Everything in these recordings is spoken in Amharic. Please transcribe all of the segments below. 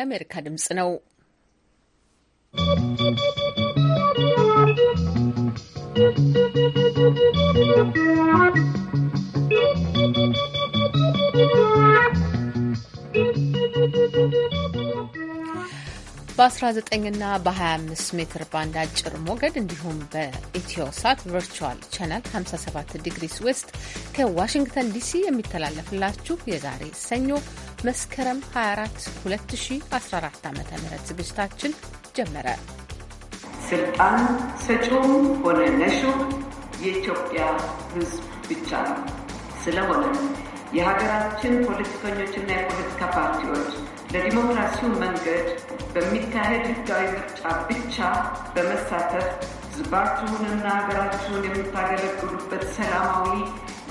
የአሜሪካ ድምፅ ነው። ¶¶ በ19ና በ25 ሜትር ባንድ አጭር ሞገድ እንዲሁም በኢትዮሳት ቨርቹዋል ቻናል 57 ዲግሪስ ዌስት ከዋሽንግተን ዲሲ የሚተላለፍላችሁ የዛሬ ሰኞ መስከረም 24 2014 ዓ ም ዝግጅታችን ጀመረ። ስልጣን ሰጪውም ሆነ ነሺው የኢትዮጵያ ሕዝብ ብቻ ነው። ስለሆነ የሀገራችን ፖለቲከኞችና የፖለቲካ ፓርቲዎች ለዲሞክራሲው መንገድ በሚካሄድ ህጋዊ ምርጫ ብቻ በመሳተፍ ህዝባችሁንና ሀገራችሁን የምታገለግሉበት ሰላማዊ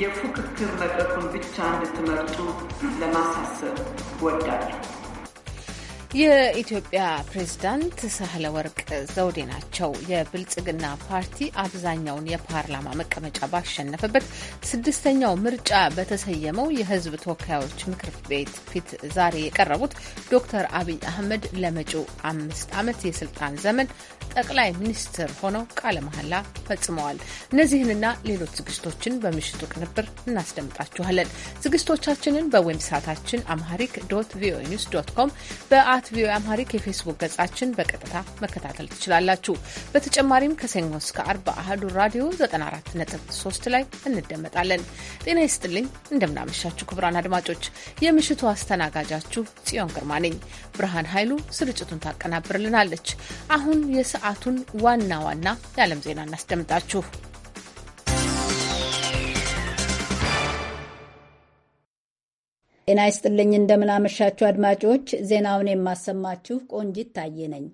የፉክክር መድረኩን ብቻ እንድትመርጡ ለማሳሰብ ወዳለሁ። የኢትዮጵያ ፕሬዝዳንት ሳህለ ወርቅ ዘውዴ ናቸው። የብልጽግና ፓርቲ አብዛኛውን የፓርላማ መቀመጫ ባሸነፈበት ስድስተኛው ምርጫ በተሰየመው የሕዝብ ተወካዮች ምክር ቤት ፊት ዛሬ የቀረቡት ዶክተር አብይ አህመድ ለመጪው አምስት ዓመት የስልጣን ዘመን ጠቅላይ ሚኒስትር ሆነው ቃለ መሐላ ፈጽመዋል። እነዚህንና ሌሎች ዝግጅቶችን በምሽቱ ቅንብር እናስደምጣችኋለን። ዝግጅቶቻችንን በዌብሳይታችን አምሃሪክ ዶት ቪኦኤ ኒውስ ዶት ኮም በአ በአት ቪኦኤ አምሃሪክ የፌስቡክ ገጻችን በቀጥታ መከታተል ትችላላችሁ። በተጨማሪም ከሰኞ እስከ አርብ አህዱ ራዲዮ 94.3 ላይ እንደመጣለን። ጤና ይስጥልኝ፣ እንደምናመሻችሁ ክቡራን አድማጮች፣ የምሽቱ አስተናጋጃችሁ ጽዮን ግርማ ነኝ። ብርሃን ኃይሉ ስርጭቱን ታቀናብርልናለች። አሁን የሰዓቱን ዋና ዋና የዓለም ዜና እናስደምጣችሁ። ጤና ይስጥልኝ እንደምናመሻችሁ አድማጮች፣ ዜናውን የማሰማችሁ ቆንጂት ታዬ ነኝ።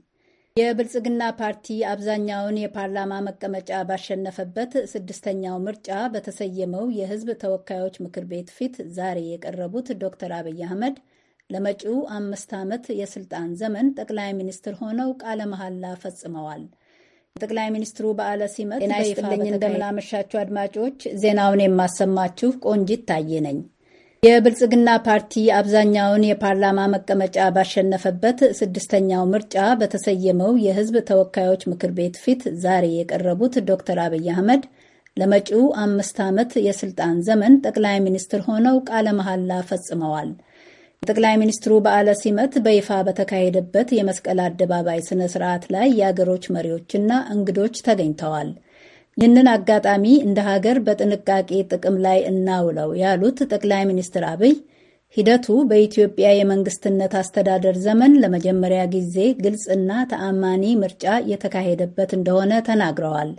የብልጽግና ፓርቲ አብዛኛውን የፓርላማ መቀመጫ ባሸነፈበት ስድስተኛው ምርጫ በተሰየመው የሕዝብ ተወካዮች ምክር ቤት ፊት ዛሬ የቀረቡት ዶክተር አብይ አህመድ ለመጪው አምስት ዓመት የስልጣን ዘመን ጠቅላይ ሚኒስትር ሆነው ቃለ መሐላ ፈጽመዋል። ጠቅላይ ሚኒስትሩ በዓለ ሲመት ጤና ይስጥልኝ እንደምናመሻችሁ አድማጮች፣ ዜናውን የማሰማችሁ ቆንጂት ታዬ ነኝ። የብልጽግና ፓርቲ አብዛኛውን የፓርላማ መቀመጫ ባሸነፈበት ስድስተኛው ምርጫ በተሰየመው የሕዝብ ተወካዮች ምክር ቤት ፊት ዛሬ የቀረቡት ዶክተር አብይ አህመድ ለመጪው አምስት ዓመት የስልጣን ዘመን ጠቅላይ ሚኒስትር ሆነው ቃለ መሐላ ፈጽመዋል። የጠቅላይ ሚኒስትሩ በዓለ ሲመት በይፋ በተካሄደበት የመስቀል አደባባይ ስነ ስርዓት ላይ የአገሮች መሪዎችና እንግዶች ተገኝተዋል። ይህንን አጋጣሚ እንደ ሀገር በጥንቃቄ ጥቅም ላይ እናውለው ያሉት ጠቅላይ ሚኒስትር አብይ ሂደቱ በኢትዮጵያ የመንግስትነት አስተዳደር ዘመን ለመጀመሪያ ጊዜ ግልጽና ተአማኒ ምርጫ የተካሄደበት እንደሆነ ተናግረዋል።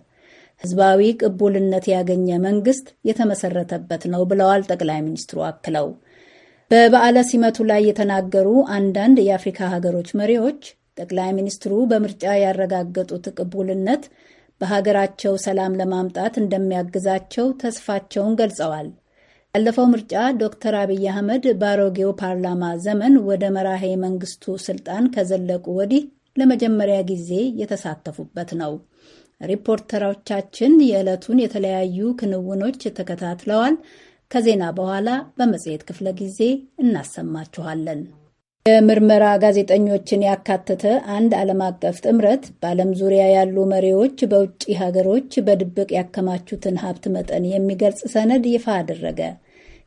ህዝባዊ ቅቡልነት ያገኘ መንግስት የተመሰረተበት ነው ብለዋል ጠቅላይ ሚኒስትሩ አክለው። በበዓለ ሲመቱ ላይ የተናገሩ አንዳንድ የአፍሪካ ሀገሮች መሪዎች ጠቅላይ ሚኒስትሩ በምርጫ ያረጋገጡት ቅቡልነት በሀገራቸው ሰላም ለማምጣት እንደሚያግዛቸው ተስፋቸውን ገልጸዋል። ያለፈው ምርጫ ዶክተር አብይ አህመድ በአሮጌው ፓርላማ ዘመን ወደ መራሄ መንግስቱ ስልጣን ከዘለቁ ወዲህ ለመጀመሪያ ጊዜ የተሳተፉበት ነው። ሪፖርተሮቻችን የዕለቱን የተለያዩ ክንውኖች ተከታትለዋል። ከዜና በኋላ በመጽሔት ክፍለ ጊዜ እናሰማችኋለን። የምርመራ ጋዜጠኞችን ያካተተ አንድ ዓለም አቀፍ ጥምረት በዓለም ዙሪያ ያሉ መሪዎች በውጭ ሀገሮች በድብቅ ያከማቹትን ሀብት መጠን የሚገልጽ ሰነድ ይፋ አደረገ።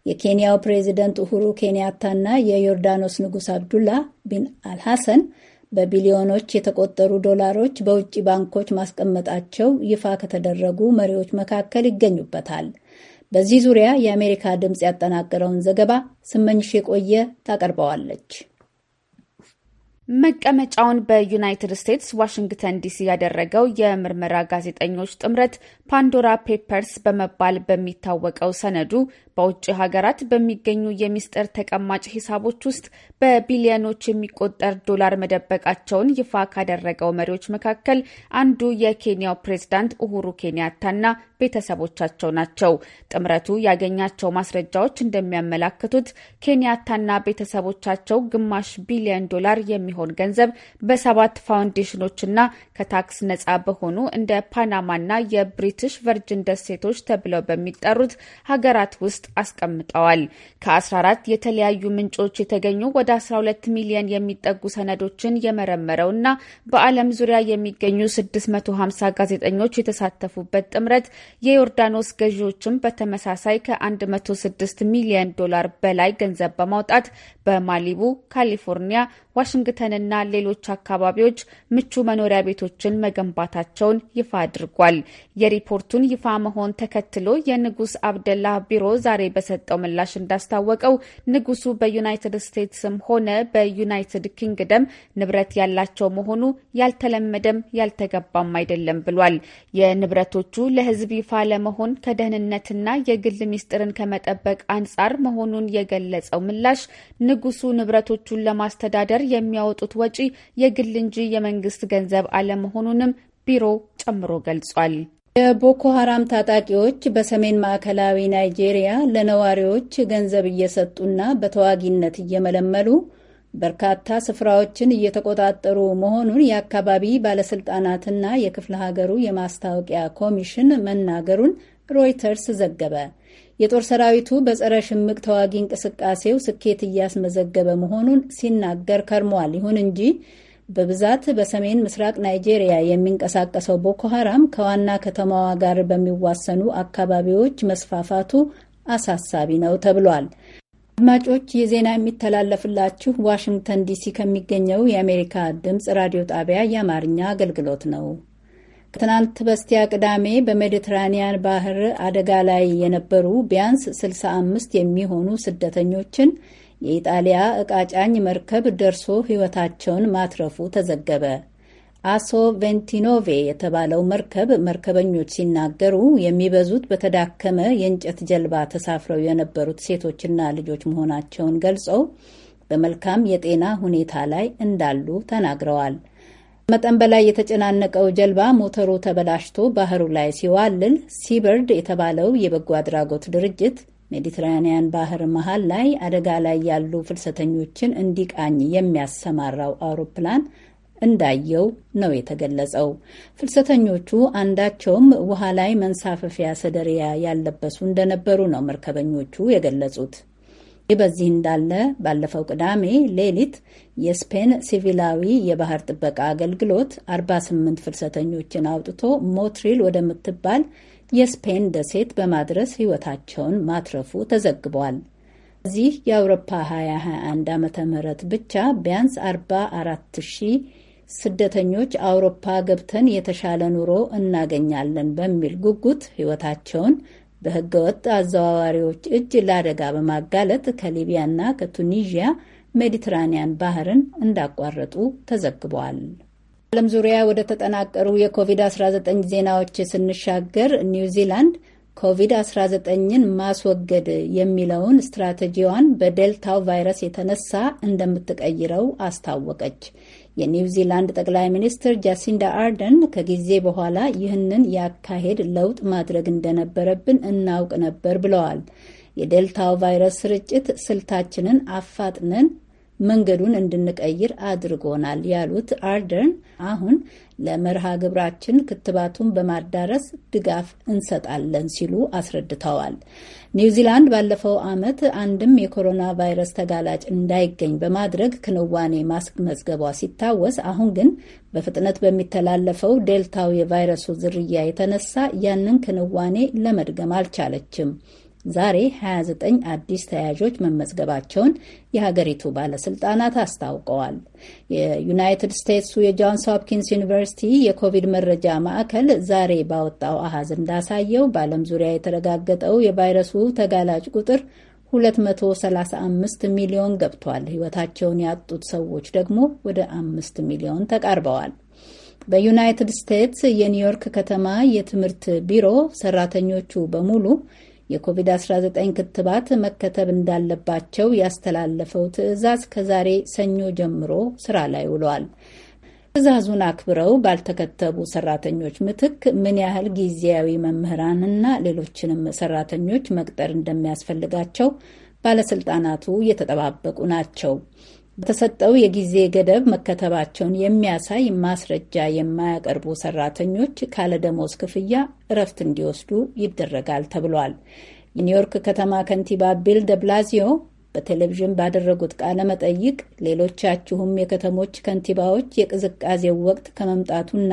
የኬንያው ፕሬዚደንት ኡሁሩ ኬንያታና የዮርዳኖስ ንጉሥ አብዱላ ቢን አልሐሰን በቢሊዮኖች የተቆጠሩ ዶላሮች በውጭ ባንኮች ማስቀመጣቸው ይፋ ከተደረጉ መሪዎች መካከል ይገኙበታል። በዚህ ዙሪያ የአሜሪካ ድምፅ ያጠናቀረውን ዘገባ ስመኝሽ የቆየ ታቀርበዋለች። መቀመጫውን በዩናይትድ ስቴትስ ዋሽንግተን ዲሲ ያደረገው የምርመራ ጋዜጠኞች ጥምረት ፓንዶራ ፔፐርስ በመባል በሚታወቀው ሰነዱ በውጭ ሀገራት በሚገኙ የሚስጥር ተቀማጭ ሂሳቦች ውስጥ በቢሊዮኖች የሚቆጠር ዶላር መደበቃቸውን ይፋ ካደረገው መሪዎች መካከል አንዱ የኬንያው ፕሬዝዳንት ኡሁሩ ኬንያታና ቤተሰቦቻቸው ናቸው። ጥምረቱ ያገኛቸው ማስረጃዎች እንደሚያመላክቱት ኬንያታና ቤተሰቦቻቸው ግማሽ ቢሊዮን ዶላር የሚሆን ገንዘብ በሰባት ፋውንዴሽኖችና ከታክስ ነጻ በሆኑ እንደ ፓናማና የብሪትሽ ቨርጅን ደሴቶች ተብለው በሚጠሩት ሀገራት ውስጥ አስቀምጠዋል። ከ14 የተለያዩ ምንጮች የተገኙ ወደ 12 ሚሊዮን የሚጠጉ ሰነዶችን የመረመረው ና በዓለም ዙሪያ የሚገኙ 650 ጋዜጠኞች የተሳተፉበት ጥምረት የዮርዳኖስ ገዢዎችም በተመሳሳይ ከ106 ሚሊዮን ዶላር በላይ ገንዘብ በማውጣት በማሊቡ፣ ካሊፎርኒያ፣ ዋሽንግተንና ሌሎች አካባቢዎች ምቹ መኖሪያ ቤቶችን መገንባታቸውን ይፋ አድርጓል። የሪፖርቱን ይፋ መሆን ተከትሎ የንጉስ አብደላህ ቢሮ ዛሬ በሰጠው ምላሽ እንዳስታወቀው ንጉሱ በዩናይትድ ስቴትስም ሆነ በዩናይትድ ኪንግደም ንብረት ያላቸው መሆኑ ያልተለመደም ያልተገባም አይደለም ብሏል። የንብረቶቹ ለሕዝብ ይፋ ለመሆን ከደህንነትና የግል ሚስጥርን ከመጠበቅ አንጻር መሆኑን የገለጸው ምላሽ ንጉሱ ንብረቶቹን ለማስተዳደር የሚያወጡት ወጪ የግል እንጂ የመንግስት ገንዘብ አለመሆኑንም ቢሮ ጨምሮ ገልጿል። የቦኮ ሀራም ታጣቂዎች በሰሜን ማዕከላዊ ናይጄሪያ ለነዋሪዎች ገንዘብ እየሰጡና በተዋጊነት እየመለመሉ በርካታ ስፍራዎችን እየተቆጣጠሩ መሆኑን የአካባቢ ባለስልጣናትና የክፍለ ሀገሩ የማስታወቂያ ኮሚሽን መናገሩን ሮይተርስ ዘገበ። የጦር ሰራዊቱ በጸረ ሽምቅ ተዋጊ እንቅስቃሴው ስኬት እያስመዘገበ መሆኑን ሲናገር ከርሟል። ይሁን እንጂ በብዛት በሰሜን ምስራቅ ናይጄሪያ የሚንቀሳቀሰው ቦኮ ሀራም ከዋና ከተማዋ ጋር በሚዋሰኑ አካባቢዎች መስፋፋቱ አሳሳቢ ነው ተብሏል። አድማጮች የዜና የሚተላለፍላችሁ ዋሽንግተን ዲሲ ከሚገኘው የአሜሪካ ድምፅ ራዲዮ ጣቢያ የአማርኛ አገልግሎት ነው። ከትናንት በስቲያ ቅዳሜ በሜዲትራኒያን ባህር አደጋ ላይ የነበሩ ቢያንስ 65 የሚሆኑ ስደተኞችን የኢጣሊያ እቃጫኝ ጫኝ መርከብ ደርሶ ሕይወታቸውን ማትረፉ ተዘገበ። አሶ ቬንቲኖቬ የተባለው መርከብ መርከበኞች ሲናገሩ የሚበዙት በተዳከመ የእንጨት ጀልባ ተሳፍረው የነበሩት ሴቶችና ልጆች መሆናቸውን ገልጸው በመልካም የጤና ሁኔታ ላይ እንዳሉ ተናግረዋል። መጠን በላይ የተጨናነቀው ጀልባ ሞተሩ ተበላሽቶ ባህሩ ላይ ሲዋልል ሲበርድ የተባለው የበጎ አድራጎት ድርጅት ሜዲትራኒያን ባህር መሃል ላይ አደጋ ላይ ያሉ ፍልሰተኞችን እንዲቃኝ የሚያሰማራው አውሮፕላን እንዳየው ነው የተገለጸው። ፍልሰተኞቹ አንዳቸውም ውሃ ላይ መንሳፈፊያ ሰደሪያ ያለበሱ እንደነበሩ ነው መርከበኞቹ የገለጹት። ይህ በዚህ እንዳለ ባለፈው ቅዳሜ ሌሊት የስፔን ሲቪላዊ የባህር ጥበቃ አገልግሎት 48 ፍልሰተኞችን አውጥቶ ሞትሪል ወደምትባል የስፔን ደሴት በማድረስ ሕይወታቸውን ማትረፉ ተዘግቧል። እዚህ የአውሮፓ 2021 ዓ ም ብቻ ቢያንስ 44 ሺህ ስደተኞች አውሮፓ ገብተን የተሻለ ኑሮ እናገኛለን በሚል ጉጉት ሕይወታቸውን በህገወጥ አዘዋዋሪዎች እጅ ለአደጋ በማጋለጥ ከሊቢያና ከቱኒዥያ ሜዲትራኒያን ባህርን እንዳቋረጡ ተዘግቧል። ዓለም ዙሪያ ወደ ተጠናቀሩ የኮቪድ-19 ዜናዎች ስንሻገር ኒውዚላንድ ኮቪድ-19ን ማስወገድ የሚለውን ስትራቴጂዋን በዴልታው ቫይረስ የተነሳ እንደምትቀይረው አስታወቀች። የኒውዚላንድ ጠቅላይ ሚኒስትር ጃሲንዳ አርደን ከጊዜ በኋላ ይህንን የአካሄድ ለውጥ ማድረግ እንደነበረብን እናውቅ ነበር ብለዋል። የዴልታው ቫይረስ ስርጭት ስልታችንን አፋጥነን መንገዱን እንድንቀይር አድርጎናል ያሉት አርደርን አሁን ለመርሃ ግብራችን ክትባቱን በማዳረስ ድጋፍ እንሰጣለን ሲሉ አስረድተዋል። ኒውዚላንድ ባለፈው ዓመት አንድም የኮሮና ቫይረስ ተጋላጭ እንዳይገኝ በማድረግ ክንዋኔ መዝገቧ ሲታወስ፣ አሁን ግን በፍጥነት በሚተላለፈው ዴልታው የቫይረሱ ዝርያ የተነሳ ያንን ክንዋኔ ለመድገም አልቻለችም። ዛሬ 29 አዲስ ተያዦች መመዝገባቸውን የሀገሪቱ ባለስልጣናት አስታውቀዋል። የዩናይትድ ስቴትሱ የጆንስ ሆፕኪንስ ዩኒቨርሲቲ የኮቪድ መረጃ ማዕከል ዛሬ ባወጣው አሃዝ እንዳሳየው በዓለም ዙሪያ የተረጋገጠው የቫይረሱ ተጋላጭ ቁጥር 235 ሚሊዮን ገብቷል። ሕይወታቸውን ያጡት ሰዎች ደግሞ ወደ 5 ሚሊዮን ተቃርበዋል። በዩናይትድ ስቴትስ የኒውዮርክ ከተማ የትምህርት ቢሮ ሰራተኞቹ በሙሉ የኮቪድ-19 ክትባት መከተብ እንዳለባቸው ያስተላለፈው ትዕዛዝ ከዛሬ ሰኞ ጀምሮ ስራ ላይ ውሏል። ትዕዛዙን አክብረው ባልተከተቡ ሰራተኞች ምትክ ምን ያህል ጊዜያዊ መምህራንና ሌሎችንም ሰራተኞች መቅጠር እንደሚያስፈልጋቸው ባለስልጣናቱ እየተጠባበቁ ናቸው። በተሰጠው የጊዜ ገደብ መከተባቸውን የሚያሳይ ማስረጃ የማያቀርቡ ሰራተኞች ካለደሞዝ ክፍያ እረፍት እንዲወስዱ ይደረጋል ተብሏል። የኒውዮርክ ከተማ ከንቲባ ቢል ደብላዚዮ በቴሌቪዥን ባደረጉት ቃለ መጠይቅ ሌሎቻችሁም የከተሞች ከንቲባዎች የቅዝቃዜው ወቅት ከመምጣቱና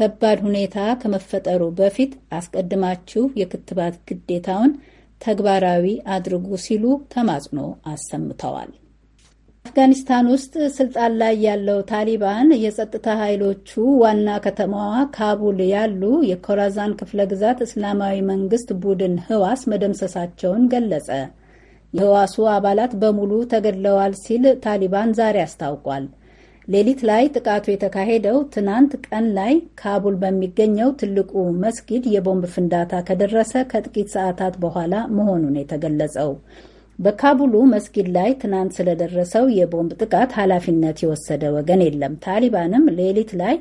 ከባድ ሁኔታ ከመፈጠሩ በፊት አስቀድማችሁ የክትባት ግዴታውን ተግባራዊ አድርጉ ሲሉ ተማጽኖ አሰምተዋል። አፍጋኒስታን ውስጥ ስልጣን ላይ ያለው ታሊባን የጸጥታ ኃይሎቹ ዋና ከተማዋ ካቡል ያሉ የኮራዛን ክፍለ ግዛት እስላማዊ መንግስት ቡድን ህዋስ መደምሰሳቸውን ገለጸ። የህዋሱ አባላት በሙሉ ተገድለዋል ሲል ታሊባን ዛሬ አስታውቋል። ሌሊት ላይ ጥቃቱ የተካሄደው ትናንት ቀን ላይ ካቡል በሚገኘው ትልቁ መስጊድ የቦምብ ፍንዳታ ከደረሰ ከጥቂት ሰዓታት በኋላ መሆኑን የተገለጸው በካቡሉ መስጊድ ላይ ትናንት ስለደረሰው የቦምብ ጥቃት ኃላፊነት የወሰደ ወገን የለም። ታሊባንም ሌሊት ላይ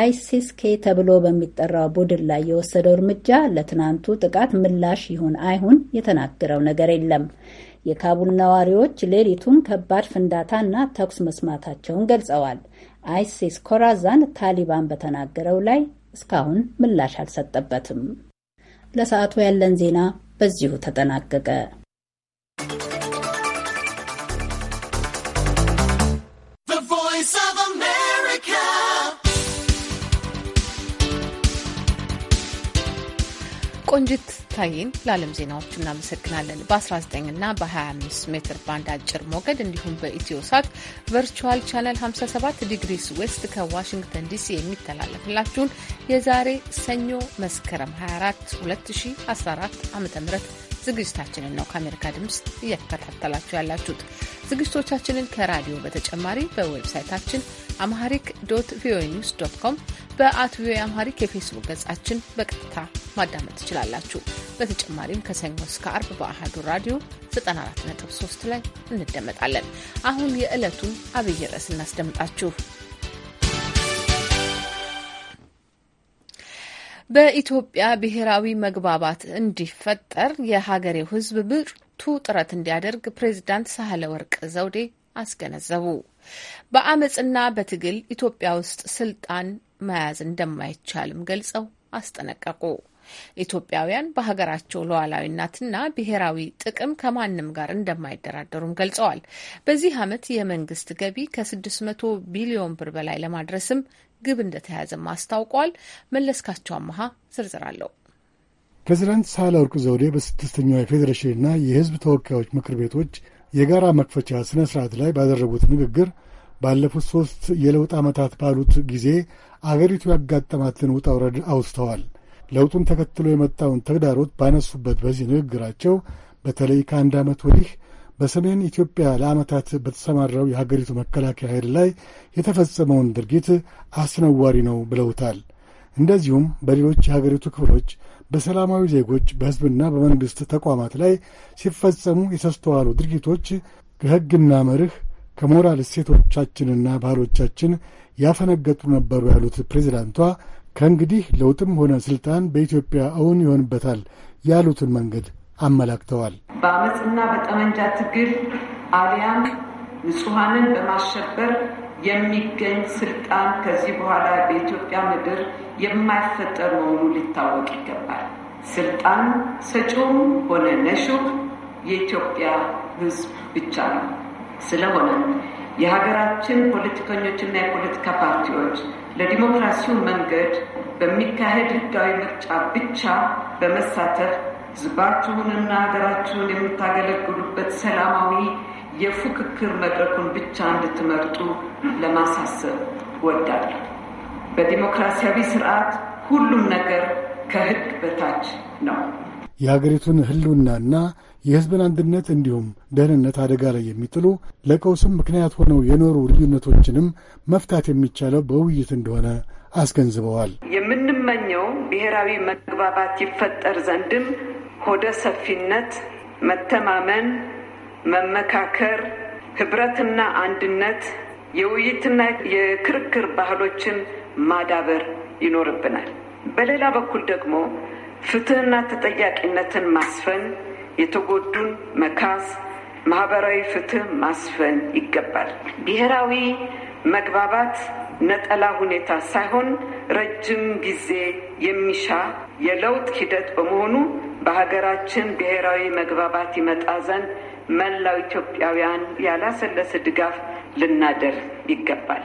አይሲስ ኬ ተብሎ በሚጠራው ቡድን ላይ የወሰደው እርምጃ ለትናንቱ ጥቃት ምላሽ ይሁን አይሁን የተናገረው ነገር የለም። የካቡል ነዋሪዎች ሌሊቱን ከባድ ፍንዳታና ተኩስ መስማታቸውን ገልጸዋል። አይሲስ ኮራዛን ታሊባን በተናገረው ላይ እስካሁን ምላሽ አልሰጠበትም። ለሰዓቱ ያለን ዜና በዚሁ ተጠናቀቀ። ቆንጅት ታይን ለዓለም ዜናዎቹ እናመሰግናለን። በ19ና በ25 ሜትር ባንድ አጭር ሞገድ እንዲሁም በኢትዮ ሳት ቨርቹዋል ቻነል 57 ዲግሪስ ዌስት ከዋሽንግተን ዲሲ የሚተላለፍላችሁን የዛሬ ሰኞ መስከረም 24 2014 ዓ ም ዝግጅታችንን ነው ከአሜሪካ ድምፅ እየተከታተላችሁ ያላችሁት። ዝግጅቶቻችንን ከራዲዮ በተጨማሪ በዌብሳይታችን አምሃሪክ ዶት ቪኦኤ ኒውስ ዶት ኮም በአት ቪኦኤ አምሃሪክ የፌስቡክ ገጻችን በቀጥታ ማዳመጥ ትችላላችሁ። በተጨማሪም ከሰኞ እስከ አርብ በአህዱ ራዲዮ 94.3 ላይ እንደመጣለን። አሁን የዕለቱን አብይ ርዕስ እናስደምጣችሁ። በኢትዮጵያ ብሔራዊ መግባባት እንዲፈጠር የሀገሬው ሕዝብ ብርቱ ጥረት እንዲያደርግ ፕሬዚዳንት ሳህለ ወርቅ ዘውዴ አስገነዘቡ። በአመፅና በትግል ኢትዮጵያ ውስጥ ስልጣን መያዝ እንደማይቻልም ገልጸው አስጠነቀቁ። ኢትዮጵያውያን በሀገራቸው ሉዓላዊነትና ብሔራዊ ጥቅም ከማንም ጋር እንደማይደራደሩም ገልጸዋል። በዚህ አመት የመንግስት ገቢ ከ600 ቢሊዮን ብር በላይ ለማድረስም ግብ እንደተያዘም አስታውቋል። መለስካቸው አመሃ ዝርዝር አለው። ፕሬዚዳንት ሳህለወርቅ ዘውዴ በስድስተኛው የፌዴሬሽንና የህዝብ ተወካዮች ምክር ቤቶች የጋራ መክፈቻ ሥነ ሥርዓት ላይ ባደረጉት ንግግር ባለፉት ሦስት የለውጥ ዓመታት ባሉት ጊዜ አገሪቱ ያጋጠማትን ውጣ ውረድ አውስተዋል። ለውጡን ተከትሎ የመጣውን ተግዳሮት ባነሱበት በዚህ ንግግራቸው በተለይ ከአንድ ዓመት ወዲህ በሰሜን ኢትዮጵያ ለዓመታት በተሰማራው የሀገሪቱ መከላከያ ኃይል ላይ የተፈጸመውን ድርጊት አስነዋሪ ነው ብለውታል። እንደዚሁም በሌሎች የሀገሪቱ ክፍሎች በሰላማዊ ዜጎች በሕዝብና በመንግሥት ተቋማት ላይ ሲፈጸሙ የተስተዋሉ ድርጊቶች ከሕግና መርህ ከሞራል እሴቶቻችንና ባህሎቻችን ያፈነገጡ ነበሩ ያሉት ፕሬዚዳንቷ ከእንግዲህ ለውጥም ሆነ ሥልጣን በኢትዮጵያ እውን ይሆንበታል ያሉትን መንገድ አመላክተዋል። በአመፅና በጠመንጃ ትግል አሊያም ንጹሐንን በማሸበር የሚገኝ ስልጣን ከዚህ በኋላ በኢትዮጵያ ምድር የማይፈጠር መሆኑ ሊታወቅ ይገባል። ስልጣን ሰጪውም ሆነ ነሹም የኢትዮጵያ ሕዝብ ብቻ ነው። ስለሆነ የሀገራችን ፖለቲከኞችና የፖለቲካ ፓርቲዎች ለዲሞክራሲው መንገድ በሚካሄድ ህጋዊ ምርጫ ብቻ በመሳተፍ ህዝባችሁንና ሀገራችሁን የምታገለግሉበት ሰላማዊ የፉክክር መድረኩን ብቻ እንድትመርጡ ለማሳሰብ ወዳለሁ በዲሞክራሲያዊ ስርዓት ሁሉም ነገር ከህግ በታች ነው። የሀገሪቱን ሕልውናና የህዝብን አንድነት እንዲሁም ደህንነት አደጋ ላይ የሚጥሉ ለቀውስም ምክንያት ሆነው የኖሩ ልዩነቶችንም መፍታት የሚቻለው በውይይት እንደሆነ አስገንዝበዋል። የምንመኘው ብሔራዊ መግባባት ይፈጠር ዘንድም ሆደ ሰፊነት፣ መተማመን መመካከር፣ ህብረትና አንድነት፣ የውይይትና የክርክር ባህሎችን ማዳበር ይኖርብናል። በሌላ በኩል ደግሞ ፍትህና ተጠያቂነትን ማስፈን፣ የተጎዱን መካስ፣ ማህበራዊ ፍትህ ማስፈን ይገባል። ብሔራዊ መግባባት ነጠላ ሁኔታ ሳይሆን ረጅም ጊዜ የሚሻ የለውጥ ሂደት በመሆኑ በሀገራችን ብሔራዊ መግባባት ይመጣ ዘንድ መላው ኢትዮጵያውያን ያላሰለሰ ድጋፍ ልናደር ይገባል።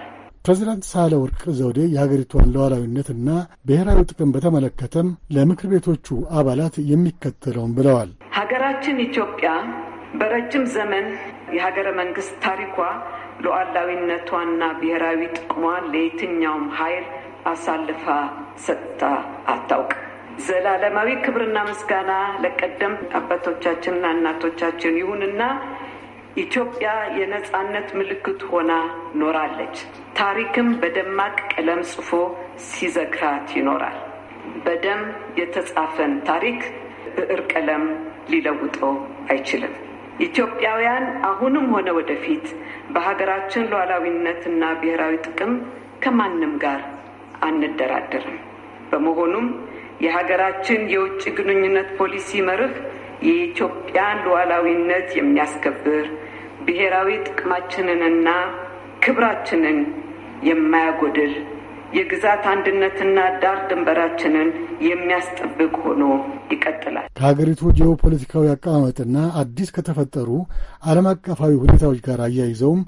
ፕሬዚዳንት ወርቅ ዘውዴ የሀገሪቷን ሉዓላዊነትና ብሔራዊ ጥቅም በተመለከተም ለምክር ቤቶቹ አባላት የሚከተለውን ብለዋል። ሀገራችን ኢትዮጵያ በረጅም ዘመን የሀገረ መንግስት ታሪኳ ሉዓላዊነቷና ብሔራዊ ጥቅሟ ለየትኛውም ኃይል አሳልፋ ሰጥታ አታውቅም። ዘላለማዊ ክብርና ምስጋና ለቀደም አባቶቻችንና እናቶቻችን ይሁንና ኢትዮጵያ የነጻነት ምልክት ሆና ኖራለች። ታሪክም በደማቅ ቀለም ጽፎ ሲዘክራት ይኖራል። በደም የተጻፈን ታሪክ ብዕር ቀለም ሊለውጠው አይችልም። ኢትዮጵያውያን አሁንም ሆነ ወደፊት በሀገራችን ሉዓላዊነትና ብሔራዊ ጥቅም ከማንም ጋር አንደራደርም። በመሆኑም የሀገራችን የውጭ ግንኙነት ፖሊሲ መርህ የኢትዮጵያን ሉዓላዊነት የሚያስከብር ብሔራዊ ጥቅማችንንና ክብራችንን የማያጎድል የግዛት አንድነትና ዳር ድንበራችንን የሚያስጠብቅ ሆኖ ይቀጥላል። ከሀገሪቱ ጂኦፖለቲካዊ አቀማመጥና አዲስ ከተፈጠሩ ዓለም አቀፋዊ ሁኔታዎች ጋር አያይዘውም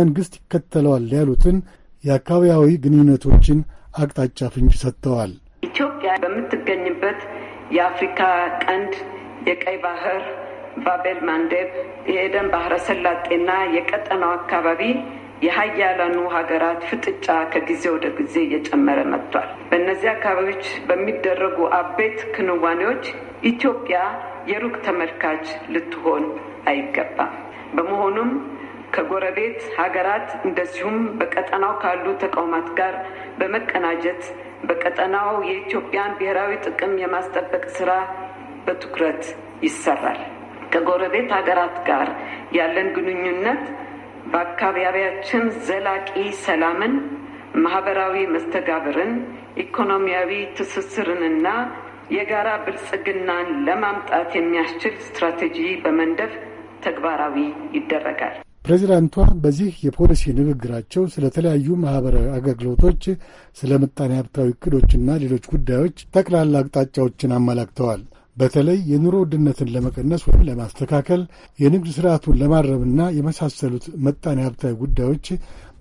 መንግሥት ይከተለዋል ያሉትን የአካባቢያዊ ግንኙነቶችን አቅጣጫ ፍንጭ ሰጥተዋል። ኢትዮጵያ በምትገኝበት የአፍሪካ ቀንድ፣ የቀይ ባህር፣ ባቤል ማንዴብ፣ የኤደን ባህረ ሰላጤና የቀጠናው አካባቢ የሀያላኑ ሀገራት ፍጥጫ ከጊዜ ወደ ጊዜ እየጨመረ መጥቷል። በእነዚህ አካባቢዎች በሚደረጉ አበይት ክንዋኔዎች ኢትዮጵያ የሩቅ ተመልካች ልትሆን አይገባም። በመሆኑም ከጎረቤት ሀገራት እንደዚሁም በቀጠናው ካሉ ተቋማት ጋር በመቀናጀት በቀጠናው የኢትዮጵያን ብሔራዊ ጥቅም የማስጠበቅ ስራ በትኩረት ይሰራል። ከጎረቤት ሀገራት ጋር ያለን ግንኙነት በአካባቢያችን ዘላቂ ሰላምን፣ ማህበራዊ መስተጋብርን፣ ኢኮኖሚያዊ ትስስርንና የጋራ ብልጽግናን ለማምጣት የሚያስችል ስትራቴጂ በመንደፍ ተግባራዊ ይደረጋል። ፕሬዚዳንቷ በዚህ የፖሊሲ ንግግራቸው ስለ ተለያዩ ማኅበራዊ አገልግሎቶች፣ ስለ ምጣኔ ሀብታዊ እቅዶችና ሌሎች ጉዳዮች ጠቅላላ አቅጣጫዎችን አመላክተዋል። በተለይ የኑሮ ውድነትን ለመቀነስ ወይም ለማስተካከል የንግድ ስርዓቱን ለማረምና የመሳሰሉት መጣኔ ሀብታዊ ጉዳዮች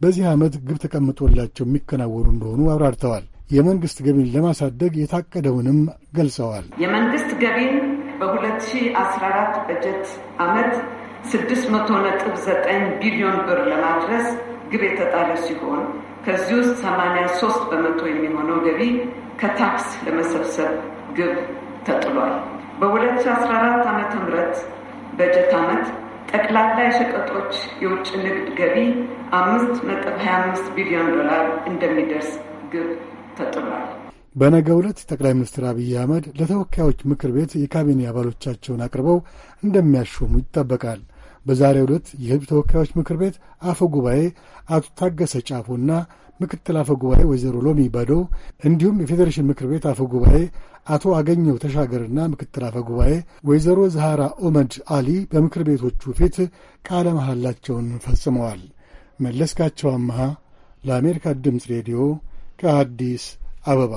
በዚህ ዓመት ግብ ተቀምጦላቸው የሚከናወኑ እንደሆኑ አብራርተዋል። የመንግስት ገቢን ለማሳደግ የታቀደውንም ገልጸዋል። የመንግሥት ገቢን በ2014 በጀት ዓመት 600.9 ቢሊዮን ብር ለማድረስ ግብ የተጣለ ሲሆን ከዚህ ውስጥ 83 በመቶ የሚሆነው ገቢ ከታክስ ለመሰብሰብ ግብ ተጥሏል። በ2014 ዓ ም በጀት ዓመት ጠቅላላ የሸቀጦች የውጭ ንግድ ገቢ 5.25 ቢሊዮን ዶላር እንደሚደርስ ግብ ተጥሏል። በነገ ዕለት ጠቅላይ ሚኒስትር አብይ አህመድ ለተወካዮች ምክር ቤት የካቢኔ አባሎቻቸውን አቅርበው እንደሚያሾሙ ይጠበቃል። በዛሬ ዕለት የህዝብ ተወካዮች ምክር ቤት አፈ ጉባኤ አቶ ታገሰ ጫፎና ምክትል አፈ ጉባኤ ወይዘሮ ሎሚ ባዶ እንዲሁም የፌዴሬሽን ምክር ቤት አፈ ጉባኤ አቶ አገኘው ተሻገርና ምክትል አፈ ጉባኤ ወይዘሮ ዛሃራ ኦመድ አሊ በምክር ቤቶቹ ፊት ቃለ መሐላቸውን ፈጽመዋል። መለስካቸው አመሃ ለአሜሪካ ድምፅ ሬዲዮ ከአዲስ አበባ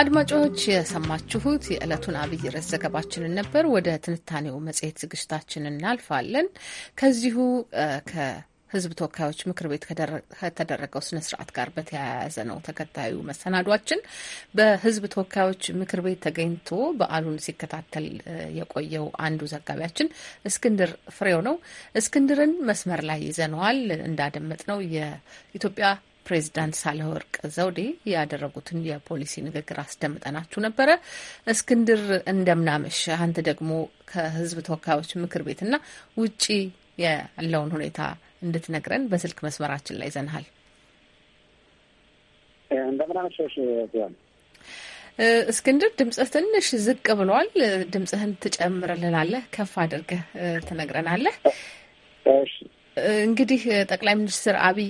አድማጮች የሰማችሁት የዕለቱን አብይ ርዕስ ዘገባችንን ነበር። ወደ ትንታኔው መጽሔት ዝግጅታችን እናልፋለን። ከዚሁ ህዝብ ተወካዮች ምክር ቤት ከተደረገው ስነ ስርዓት ጋር በተያያዘ ነው ተከታዩ መሰናዷችን። በህዝብ ተወካዮች ምክር ቤት ተገኝቶ በዓሉን ሲከታተል የቆየው አንዱ ዘጋቢያችን እስክንድር ፍሬው ነው። እስክንድርን መስመር ላይ ይዘነዋል። እንዳደመጥ ነው የኢትዮጵያ ፕሬዚዳንት ሳህለወርቅ ዘውዴ ያደረጉትን የፖሊሲ ንግግር አስደምጠናችሁ ነበረ። እስክንድር እንደምናመሽ፣ አንተ ደግሞ ከህዝብ ተወካዮች ምክር ቤትና ውጪ ያለውን ሁኔታ እንድትነግረን በስልክ መስመራችን ላይ ይዘንሃል። እንደምናመሻሽ እስክንድር ድምጽህ ትንሽ ዝቅ ብሏል። ድምጽህን ትጨምርልናለህ፣ ከፍ አድርገህ ትነግረናለህ። እንግዲህ ጠቅላይ ሚኒስትር አብይ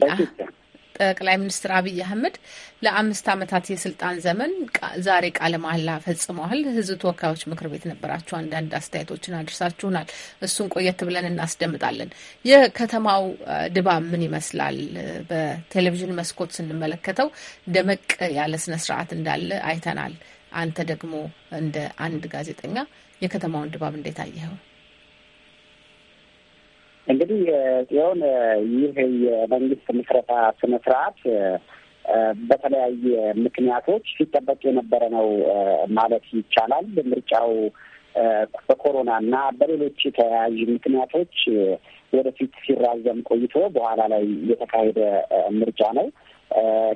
ጠቅላይ ሚኒስትር አብይ አህመድ ለአምስት ዓመታት የስልጣን ዘመን ዛሬ ቃለ መሐላ ፈጽመዋል። ህዝብ ተወካዮች ምክር ቤት ነበራችሁ፣ አንዳንድ አስተያየቶችን አድርሳችሁናል። እሱን ቆየት ብለን እናስደምጣለን። የከተማው ድባብ ምን ይመስላል? በቴሌቪዥን መስኮት ስንመለከተው ደመቅ ያለ ስነስርዓት እንዳለ አይተናል። አንተ ደግሞ እንደ አንድ ጋዜጠኛ የከተማውን ድባብ እንዴት አየኸው? እንግዲህ ጽዮን ይህ የመንግስት ምስረታ ስነ ስርዓት በተለያየ ምክንያቶች ሲጠበቅ የነበረ ነው ማለት ይቻላል። ምርጫው በኮሮና እና በሌሎች የተያያዥ ምክንያቶች ወደፊት ሲራዘም ቆይቶ በኋላ ላይ የተካሄደ ምርጫ ነው።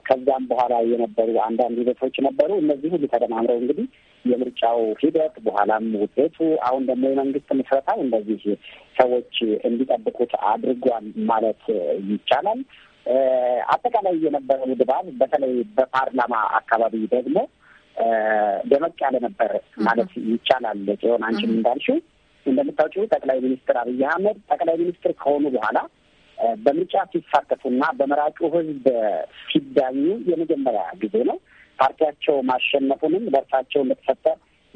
ከዛም በኋላ የነበሩ አንዳንድ ሂደቶች ነበሩ። እነዚህ ሁሉ ተደማምረው እንግዲህ የምርጫው ሂደት በኋላም ውጤቱ፣ አሁን ደግሞ የመንግስት ምስረታ እንደዚህ ሰዎች እንዲጠብቁት አድርጓል ማለት ይቻላል። አጠቃላይ የነበረው ድባብ በተለይ በፓርላማ አካባቢ ደግሞ ደመቅ ያለ ነበር ማለት ይቻላል። ጽዮን አንቺም እንዳልሽው እንደምታውቂው ጠቅላይ ሚኒስትር አብይ አህመድ ጠቅላይ ሚኒስትር ከሆኑ በኋላ በምርጫ ሲሳተፉና በመራጩ ህዝብ ሲዳኙ የመጀመሪያ ጊዜ ነው። ፓርቲያቸው ማሸነፉንም በእርሳቸው እንደተሰጠ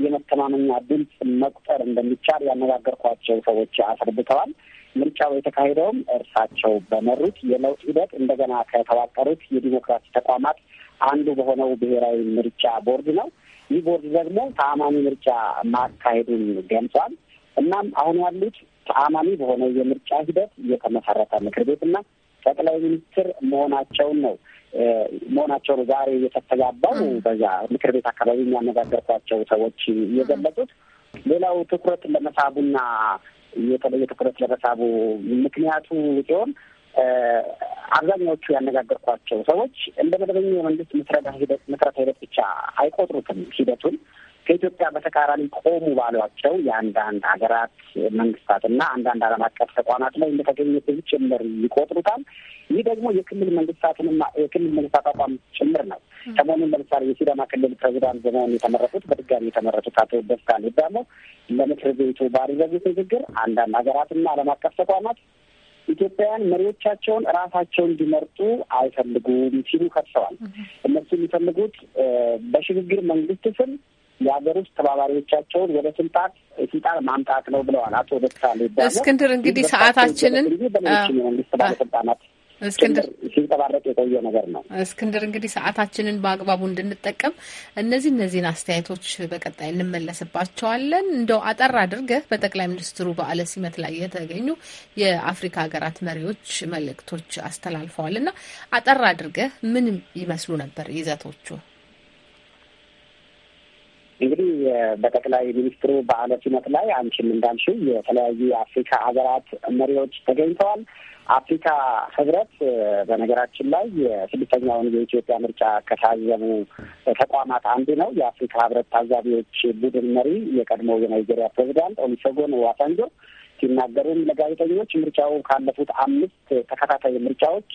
የመተማመኛ ድምፅ መቁጠር እንደሚቻል ያነጋገርኳቸው ሰዎች አስረድተዋል። ምርጫው የተካሄደውም እርሳቸው በመሩት የለውጥ ሂደት እንደገና ከተዋቀሩት የዲሞክራሲ ተቋማት አንዱ በሆነው ብሔራዊ ምርጫ ቦርድ ነው። ይህ ቦርድ ደግሞ ተአማኒ ምርጫ ማካሄዱን ገልጿል። እናም አሁን ያሉት ተአማኒ በሆነ የምርጫ ሂደት የተመሰረተ ምክር ቤትና ጠቅላይ ሚኒስትር መሆናቸውን ነው መሆናቸውን ዛሬ የተተጋባው በዛ ምክር ቤት አካባቢ የሚያነጋገርኳቸው ሰዎች የገለጹት ሌላው ትኩረት ለመሳቡና የተለየ ትኩረት ለመሳቡ ምክንያቱ ሲሆን አብዛኛዎቹ ያነጋገርኳቸው ሰዎች እንደ መደበኛ የመንግስት ምስረታ ሂደት ምስረታ ሂደት ብቻ አይቆጥሩትም ሂደቱን ከኢትዮጵያ በተቃራኒ ቆሙ ባሏቸው የአንዳንድ ሀገራት መንግስታትና አንዳንድ ዓለም አቀፍ ተቋማት ላይ እንደተገኘ ብዙ ጭምር ይቆጥሩታል። ይህ ደግሞ የክልል መንግስታትንና የክልል መንግስታት አቋም ጭምር ነው። ሰሞኑን ለምሳሌ የሲዳማ ክልል ፕሬዚዳንት በመሆን የተመረጡት በድጋሚ የተመረጡት አቶ ደስታ ሌዳሞ ለምክር ቤቱ ባደረጉት ንግግር አንዳንድ ሀገራትና ዓለም አቀፍ ተቋማት ኢትዮጵያውያን መሪዎቻቸውን ራሳቸው እንዲመርጡ አይፈልጉም ሲሉ ከሰዋል። እነሱ የሚፈልጉት በሽግግር መንግስት ስም የሀገር ውስጥ ተባባሪዎቻቸውን ወደ ስልጣን ስልጣን ማምጣት ነው ብለዋል አቶ ደሳሌ እስክንድር። እንግዲህ ሰዓታችንን የመንግስት ባለስልጣናት እስክንድር ሲንጠባረቅ የቆየ ነገር ነው። እስክንድር እንግዲህ ሰዓታችንን በአግባቡ እንድንጠቀም እነዚህ እነዚህን አስተያየቶች በቀጣይ እንመለስባቸዋለን። እንደው አጠር አድርገህ በጠቅላይ ሚኒስትሩ በዓለ ሲመት ላይ የተገኙ የአፍሪካ ሀገራት መሪዎች መልእክቶች አስተላልፈዋል እና አጠር አድርገህ ምን ይመስሉ ነበር ይዘቶቹ? እንግዲህ በጠቅላይ ሚኒስትሩ በዓለ ሲመት ላይ አንቺም እንዳልሽው የተለያዩ የአፍሪካ ሀገራት መሪዎች ተገኝተዋል። አፍሪካ ህብረት በነገራችን ላይ የስድስተኛውን የኢትዮጵያ ምርጫ ከታዘቡ ተቋማት አንዱ ነው። የአፍሪካ ህብረት ታዛቢዎች ቡድን መሪ የቀድሞው የናይጄሪያ ፕሬዚዳንት ኦሉሴጉን ዋሳንጆ ሲናገሩም ለጋዜጠኞች ምርጫው ካለፉት አምስት ተከታታይ ምርጫዎች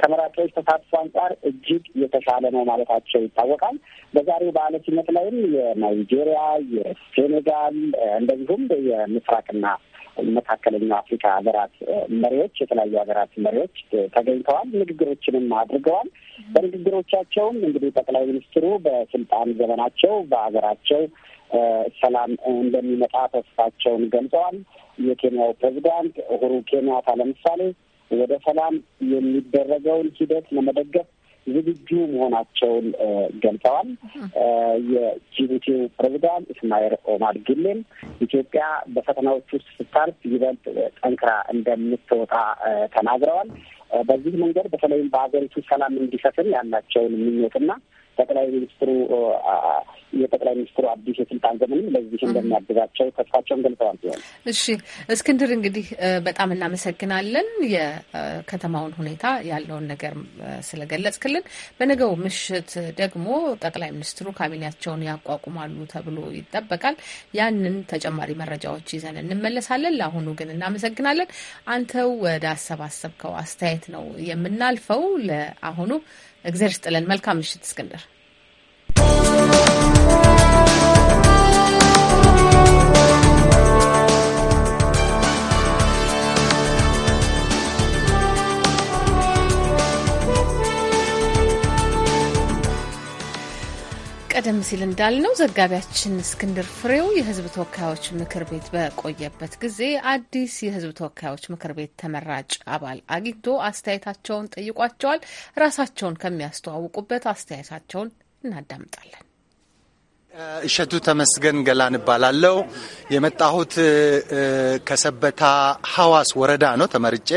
ከመራጮች ተሳትፎ አንጻር እጅግ የተሻለ ነው ማለታቸው ይታወቃል። በዛሬው በዓለ ሲመት ላይም የናይጄሪያ፣ የሴኔጋል እንደዚሁም የምስራቅና መካከለኛው አፍሪካ ሀገራት መሪዎች የተለያዩ ሀገራት መሪዎች ተገኝተዋል፣ ንግግሮችንም አድርገዋል። በንግግሮቻቸውም እንግዲህ ጠቅላይ ሚኒስትሩ በስልጣን ዘመናቸው በሀገራቸው ሰላም እንደሚመጣ ተስፋቸውን ገልጸዋል። የኬንያው ፕሬዚዳንት ኡሁሩ ኬንያታ ለምሳሌ ወደ ሰላም የሚደረገውን ሂደት ለመደገፍ ዝግጁ መሆናቸውን ገልጸዋል። የጅቡቲው ፕሬዚዳንት ኢስማኤል ኦማር ጊሌም ኢትዮጵያ በፈተናዎች ውስጥ ስታልፍ ይበልጥ ጠንክራ እንደምትወጣ ተናግረዋል። በዚህ መንገድ በተለይም በሀገሪቱ ሰላም እንዲሰፍን ያላቸውን ምኞትና ጠቅላይ ሚኒስትሩ የጠቅላይ ሚኒስትሩ አዲስ የስልጣን ዘመንም ለዚህ እንደሚያግዛቸው ተስፋቸውን ገልጸዋል። ሲሆን እሺ እስክንድር እንግዲህ በጣም እናመሰግናለን የከተማውን ሁኔታ ያለውን ነገር ስለገለጽክልን። በነገው ምሽት ደግሞ ጠቅላይ ሚኒስትሩ ካቢኔያቸውን ያቋቁማሉ ተብሎ ይጠበቃል። ያንን ተጨማሪ መረጃዎች ይዘን እንመለሳለን። ለአሁኑ ግን እናመሰግናለን። አንተው ወደ አሰባሰብከው አስተያየት ነው የምናልፈው ለአሁኑ እግዚአብሔር ይስጥልን። መልካም ምሽት እስክንድር። ቀደም ሲል እንዳልነው ዘጋቢያችን እስክንድር ፍሬው የህዝብ ተወካዮች ምክር ቤት በቆየበት ጊዜ አዲስ የህዝብ ተወካዮች ምክር ቤት ተመራጭ አባል አግኝቶ አስተያየታቸውን ጠይቋቸዋል። ራሳቸውን ከሚያስተዋውቁበት አስተያየታቸውን እናዳምጣለን። እሸቱ ተመስገን ገላን እባላለሁ። የመጣሁት ከሰበታ ሐዋስ ወረዳ ነው ተመርጬ።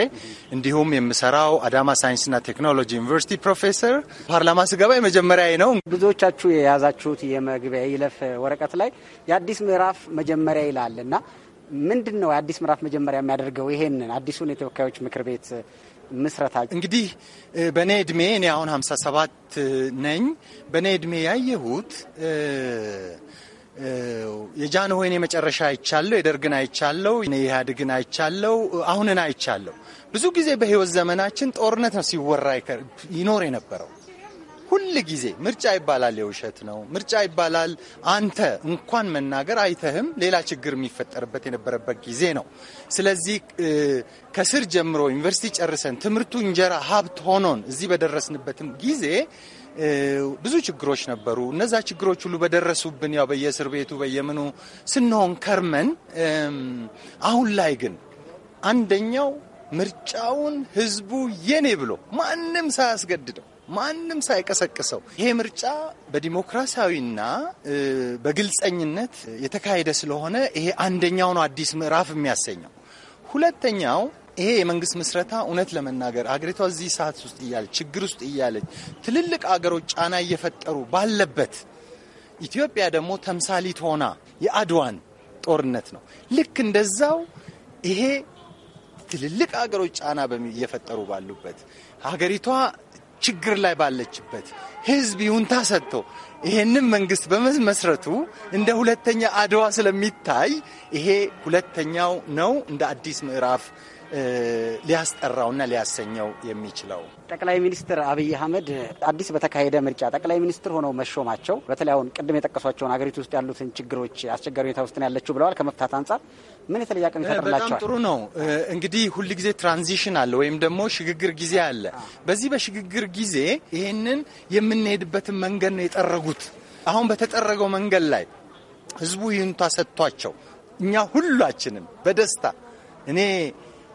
እንዲሁም የምሰራው አዳማ ሳይንስና ቴክኖሎጂ ዩኒቨርሲቲ ፕሮፌሰር። ፓርላማ ስገባ የመጀመሪያ ነው። ብዙዎቻችሁ የያዛችሁት የመግቢያ ይለፍ ወረቀት ላይ የአዲስ ምዕራፍ መጀመሪያ ይላል እና ምንድን ነው የአዲስ ምዕራፍ መጀመሪያ የሚያደርገው ይሄንን አዲሱን የተወካዮች ምክር ቤት ምስረታ እንግዲህ በእኔ እድሜ እኔ አሁን 57 ነኝ። በእኔ እድሜ ያየሁት የጃንሆይን የመጨረሻ አይቻለሁ፣ የደርግን አይቻለሁ፣ የኢህአዴግን አይቻለሁ፣ አሁንን አይቻለሁ። ብዙ ጊዜ በህይወት ዘመናችን ጦርነት ነው ሲወራ ይኖር የነበረው ሁል ጊዜ ምርጫ ይባላል የውሸት ነው። ምርጫ ይባላል አንተ እንኳን መናገር አይተህም ሌላ ችግር የሚፈጠርበት የነበረበት ጊዜ ነው። ስለዚህ ከስር ጀምሮ ዩኒቨርሲቲ ጨርሰን ትምህርቱ እንጀራ ሀብት ሆኖን እዚህ በደረስንበትም ጊዜ ብዙ ችግሮች ነበሩ። እነዛ ችግሮች ሁሉ በደረሱብን ያው በየእስር ቤቱ በየምኑ ስንሆን ከርመን አሁን ላይ ግን አንደኛው ምርጫውን ህዝቡ የኔ ብሎ ማንም ሳያስገድደው ማንም ሳይቀሰቅሰው ይሄ ምርጫ በዲሞክራሲያዊና በግልጸኝነት የተካሄደ ስለሆነ ይሄ አንደኛው ነው አዲስ ምዕራፍ የሚያሰኘው። ሁለተኛው ይሄ የመንግስት ምስረታ እውነት ለመናገር አገሪቷ እዚህ ሰዓት ውስጥ እያለች ችግር ውስጥ እያለች ትልልቅ አገሮች ጫና እየፈጠሩ ባለበት ኢትዮጵያ ደግሞ ተምሳሊት ሆና የአድዋን ጦርነት ነው ልክ እንደዛው ይሄ ትልልቅ አገሮች ጫና እየፈጠሩ ባሉበት ሀገሪቷ ችግር ላይ ባለችበት ህዝብ ይሁንታ ሰጥቶ ይሄንን መንግስት በመመስረቱ እንደ ሁለተኛ አድዋ ስለሚታይ ይሄ ሁለተኛው ነው እንደ አዲስ ምዕራፍ ሊያስጠራውና ሊያሰኘው የሚችለው ጠቅላይ ሚኒስትር አብይ አህመድ አዲስ በተካሄደ ምርጫ ጠቅላይ ሚኒስትር ሆነው መሾማቸው በተለይ አሁን ቅድም የጠቀሷቸውን ሀገሪቱ ውስጥ ያሉትን ችግሮች አስቸጋሪ ሁኔታ ውስጥ ያለችው ብለዋል። ከመፍታት አንጻር ምን የተለየ አቅም ይፈጥርላቸዋል? ጥሩ ነው። እንግዲህ ጊዜ ትራንዚሽን አለ ወይም ደግሞ ሽግግር ጊዜ አለ። በዚህ በሽግግር ጊዜ ይህንን የምንሄድበትን መንገድ ነው የጠረጉት። አሁን በተጠረገው መንገድ ላይ ህዝቡ ይሁንታ ሰጥቷቸው እኛ ሁላችንም በደስታ እኔ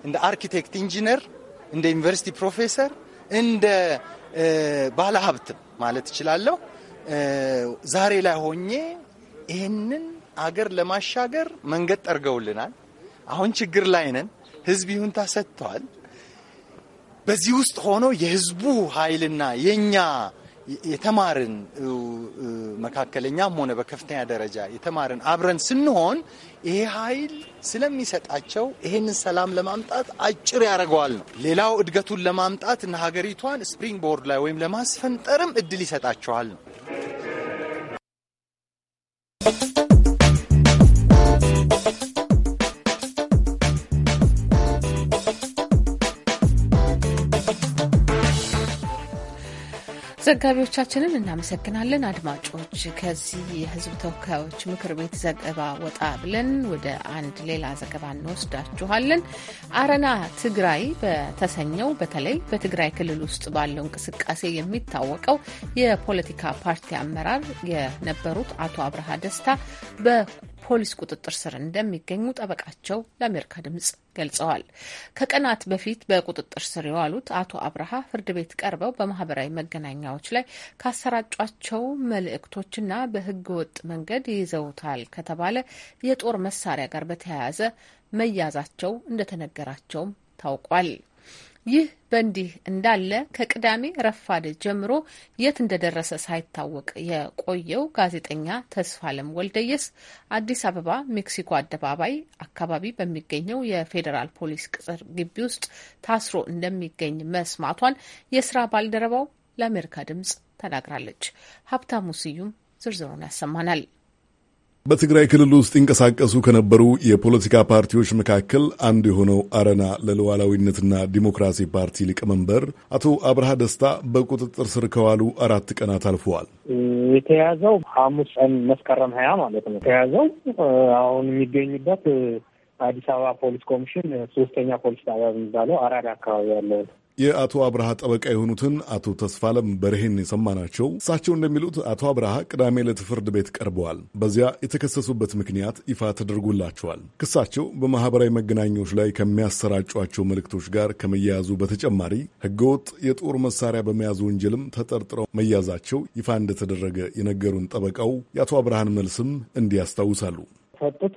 እንደ አርኪቴክት፣ ኢንጂነር፣ እንደ ዩኒቨርሲቲ ፕሮፌሰር፣ እንደ ባለሀብትም ማለት እችላለሁ ዛሬ ላይ ሆኜ ይህንን አገር ለማሻገር መንገድ ጠርገውልናል። አሁን ችግር ላይ ነን። ህዝብ ይሁንታ ሰጥተዋል። በዚህ ውስጥ ሆኖ የህዝቡ ኃይልና የእኛ የተማርን መካከለኛም ሆነ በከፍተኛ ደረጃ የተማርን አብረን ስንሆን ይሄ ኃይል ስለሚሰጣቸው ይሄንን ሰላም ለማምጣት አጭር ያደርገዋል ነው። ሌላው እድገቱን ለማምጣት እና ሀገሪቷን ስፕሪንግ ቦርድ ላይ ወይም ለማስፈንጠርም እድል ይሰጣቸዋል ነው። ዘጋቢዎቻችንን እናመሰግናለን። አድማጮች፣ ከዚህ የህዝብ ተወካዮች ምክር ቤት ዘገባ ወጣ ብለን ወደ አንድ ሌላ ዘገባ እንወስዳችኋለን። አረና ትግራይ በተሰኘው በተለይ በትግራይ ክልል ውስጥ ባለው እንቅስቃሴ የሚታወቀው የፖለቲካ ፓርቲ አመራር የነበሩት አቶ አብርሃ ደስታ በፖሊስ ቁጥጥር ስር እንደሚገኙ ጠበቃቸው ለአሜሪካ ድምጽ ገልጸዋል። ከቀናት በፊት በቁጥጥር ስር የዋሉት አቶ አብርሃ ፍርድ ቤት ቀርበው በማህበራዊ መገናኛዎች ላይ ካሰራጯቸው መልእክቶችና በህገ ወጥ መንገድ ይዘውታል ከተባለ የጦር መሳሪያ ጋር በተያያዘ መያዛቸው እንደተነገራቸውም ታውቋል። ይህ በእንዲህ እንዳለ ከቅዳሜ ረፋድ ጀምሮ የት እንደደረሰ ሳይታወቅ የቆየው ጋዜጠኛ ተስፋለም ወልደየስ አዲስ አበባ ሜክሲኮ አደባባይ አካባቢ በሚገኘው የፌዴራል ፖሊስ ቅጽር ግቢ ውስጥ ታስሮ እንደሚገኝ መስማቷን የስራ ባልደረባው ለአሜሪካ ድምጽ ተናግራለች። ሀብታሙ ስዩም ዝርዝሩን ያሰማናል። በትግራይ ክልል ውስጥ ይንቀሳቀሱ ከነበሩ የፖለቲካ ፓርቲዎች መካከል አንዱ የሆነው አረና ለሉዓላዊነትና ዲሞክራሲ ፓርቲ ሊቀመንበር አቶ አብርሃ ደስታ በቁጥጥር ስር ከዋሉ አራት ቀናት አልፈዋል። የተያዘው ሐሙስ ቀን መስከረም ሀያ ማለት ነው። የተያዘው አሁን የሚገኙበት አዲስ አበባ ፖሊስ ኮሚሽን ሶስተኛ ፖሊስ ጣቢያ የሚባለው አራዳ አካባቢ ያለ የአቶ አብርሃ ጠበቃ የሆኑትን አቶ ተስፋለም በርሄን የሰማናቸው። እሳቸው እንደሚሉት አቶ አብርሃ ቅዳሜ ለትፍርድ ፍርድ ቤት ቀርበዋል። በዚያ የተከሰሱበት ምክንያት ይፋ ተደርጎላቸዋል። ክሳቸው በማህበራዊ መገናኛዎች ላይ ከሚያሰራጯቸው መልእክቶች ጋር ከመያያዙ በተጨማሪ ህገወጥ የጦር መሳሪያ በመያዝ ወንጀልም ተጠርጥረው መያዛቸው ይፋ እንደተደረገ የነገሩን ጠበቃው የአቶ አብርሃን መልስም እንዲህ ያስታውሳሉ። የሰጡት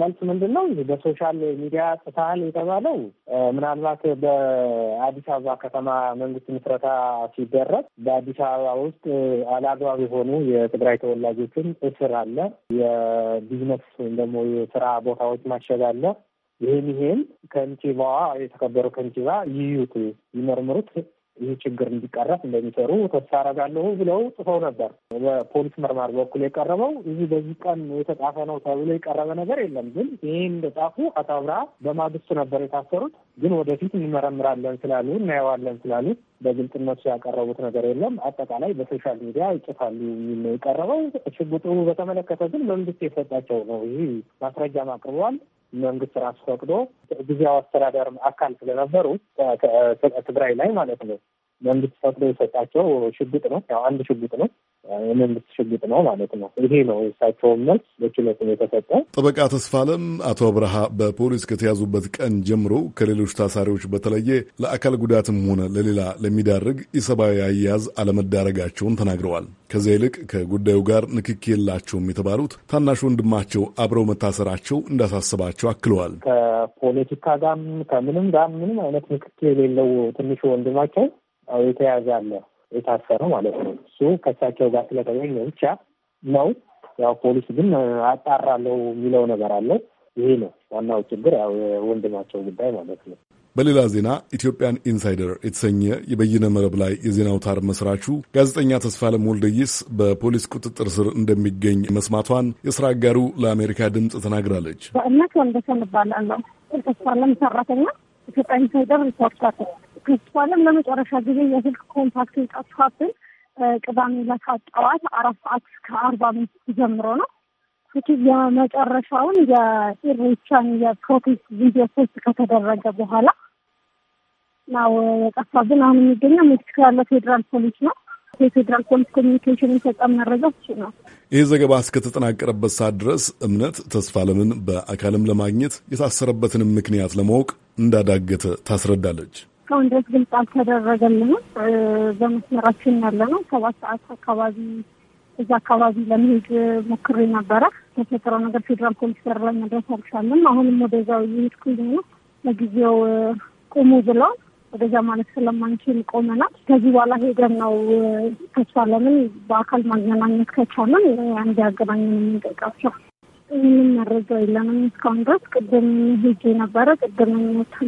መልስ ምንድን ነው? በሶሻል ሚዲያ ጽፈሃል የተባለው ምናልባት በአዲስ አበባ ከተማ መንግስት ምስረታ ሲደረግ በአዲስ አበባ ውስጥ አላግባብ የሆኑ የትግራይ ተወላጆችን እስር አለ፣ የቢዝነስ ወይም ደግሞ የስራ ቦታዎች ማሸግ አለ። ይህን ይሄን ከንቲባዋ የተከበሩ ከንቲባ ይዩት፣ ይመርምሩት ይህ ችግር እንዲቀረፍ እንደሚሰሩ ተስፋ አረጋለሁ ብለው ጽፈው ነበር። በፖሊስ መርማር በኩል የቀረበው እዚህ በዚህ ቀን የተጻፈ ነው ተብሎ የቀረበ ነገር የለም። ግን ይህ እንደጻፉ አቶ አብርሃ በማግስቱ ነበር የታሰሩት። ግን ወደፊት እንመረምራለን ስላሉ እናየዋለን ስላሉ በግልጽ ያቀረቡት ነገር የለም። አጠቃላይ በሶሻል ሚዲያ ይጽፋሉ የሚል ነው የቀረበው። ሽጉጡ በተመለከተ ግን መንግስት የሰጣቸው ነው። ይህ ማስረጃም አቅርበዋል። መንግስት ራሱ ፈቅዶ ጊዜያዊ አስተዳደር አካል ስለነበሩ ትግራይ ላይ ማለት ነው መንግስት ፈቅዶ የሰጣቸው ሽጉጥ ነው። ያው አንድ ሽጉጥ ነው፣ የመንግስት ሽጉጥ ነው ማለት ነው። ይሄ ነው የእሳቸውን መልስ በችሎት የተሰጠ። ጠበቃ ተስፋ አለም አቶ አብርሃ በፖሊስ ከተያዙበት ቀን ጀምሮ ከሌሎች ታሳሪዎች በተለየ ለአካል ጉዳትም ሆነ ለሌላ ለሚዳርግ የሰብአዊ አያያዝ አለመዳረጋቸውን ተናግረዋል። ከዚያ ይልቅ ከጉዳዩ ጋር ንክኪ የላቸውም የተባሉት ታናሽ ወንድማቸው አብረው መታሰራቸው እንዳሳስባቸው አክለዋል። ከፖለቲካ ጋርም ከምንም ጋር ምንም አይነት ንክኪ የሌለው ትንሹ ወንድማቸው የተያዘ አለ የታሰረ ማለት ነው። እሱ ከእሳቸው ጋር ስለተገኘ ብቻ ነው። ያው ፖሊስ ግን አጣራለው የሚለው ነገር አለው። ይሄ ነው ዋናው ችግር፣ ያው የወንድማቸው ጉዳይ ማለት ነው። በሌላ ዜና ኢትዮጵያን ኢንሳይደር የተሰኘ የበይነ መረብ ላይ የዜና አውታር መስራቹ ጋዜጠኛ ተስፋለም ወልደየስ በፖሊስ ቁጥጥር ስር እንደሚገኝ መስማቷን የስራ አጋሩ ለአሜሪካ ድምፅ ተናግራለች። በእምነት ወንደሰን እባላለሁ። ተስፋለም ሰራተኛ ኢትዮጵያ ኢንሳይደር ሪፖርተር ክርስቷንም ለመጨረሻ ጊዜ የስልክ ኮንታክት የጠፋብን ቅዳሜ ዕለት ጠዋት አራት ሰዓት አርባ አምስት ጀምሮ ነው። ፍትህ የመጨረሻውን የኢሬቻን የፕሮቴስት ቪዲዮ ፖስት ከተደረገ በኋላ ነው የጠፋብን። አሁን የሚገኘው ሜክሲኮ ያለ ፌዴራል ፖሊስ ነው። የፌዴራል ፖሊስ ኮሚኒኬሽን የሰጠ መረጃ ነው። ይህ ዘገባ እስከተጠናቀረበት ሰዓት ድረስ እምነት ተስፋ ለምን በአካልም ለማግኘት የታሰረበትንም ምክንያት ለማወቅ እንዳዳገተ ታስረዳለች። እስካሁን ድረስ ግልጽ አልተደረገልንም። በመስመራችን ያለ ነው። ሰባት ሰዓት አካባቢ እዛ አካባቢ ለመሄድ ሞክሬ ነበረ። ተፈጠረው ነገር ፌዴራል ፖሊስ በር ላይ መድረስ አልቻልንም። አሁንም ወደዛው እየሄድኩኝ ነው። ለጊዜው ቁሙ ብለው ወደዛ ማለት ስለማንችል ቆመናል። ከዚህ በኋላ ሄደን ነው ተቻለምን በአካል ማገናኘት ከቻለን እንዲያገናኘን የምንጠቃቸው ምንም መረጃ የለንም እስካሁን ድረስ። ቅድም ሄጄ ነበረ ቅድም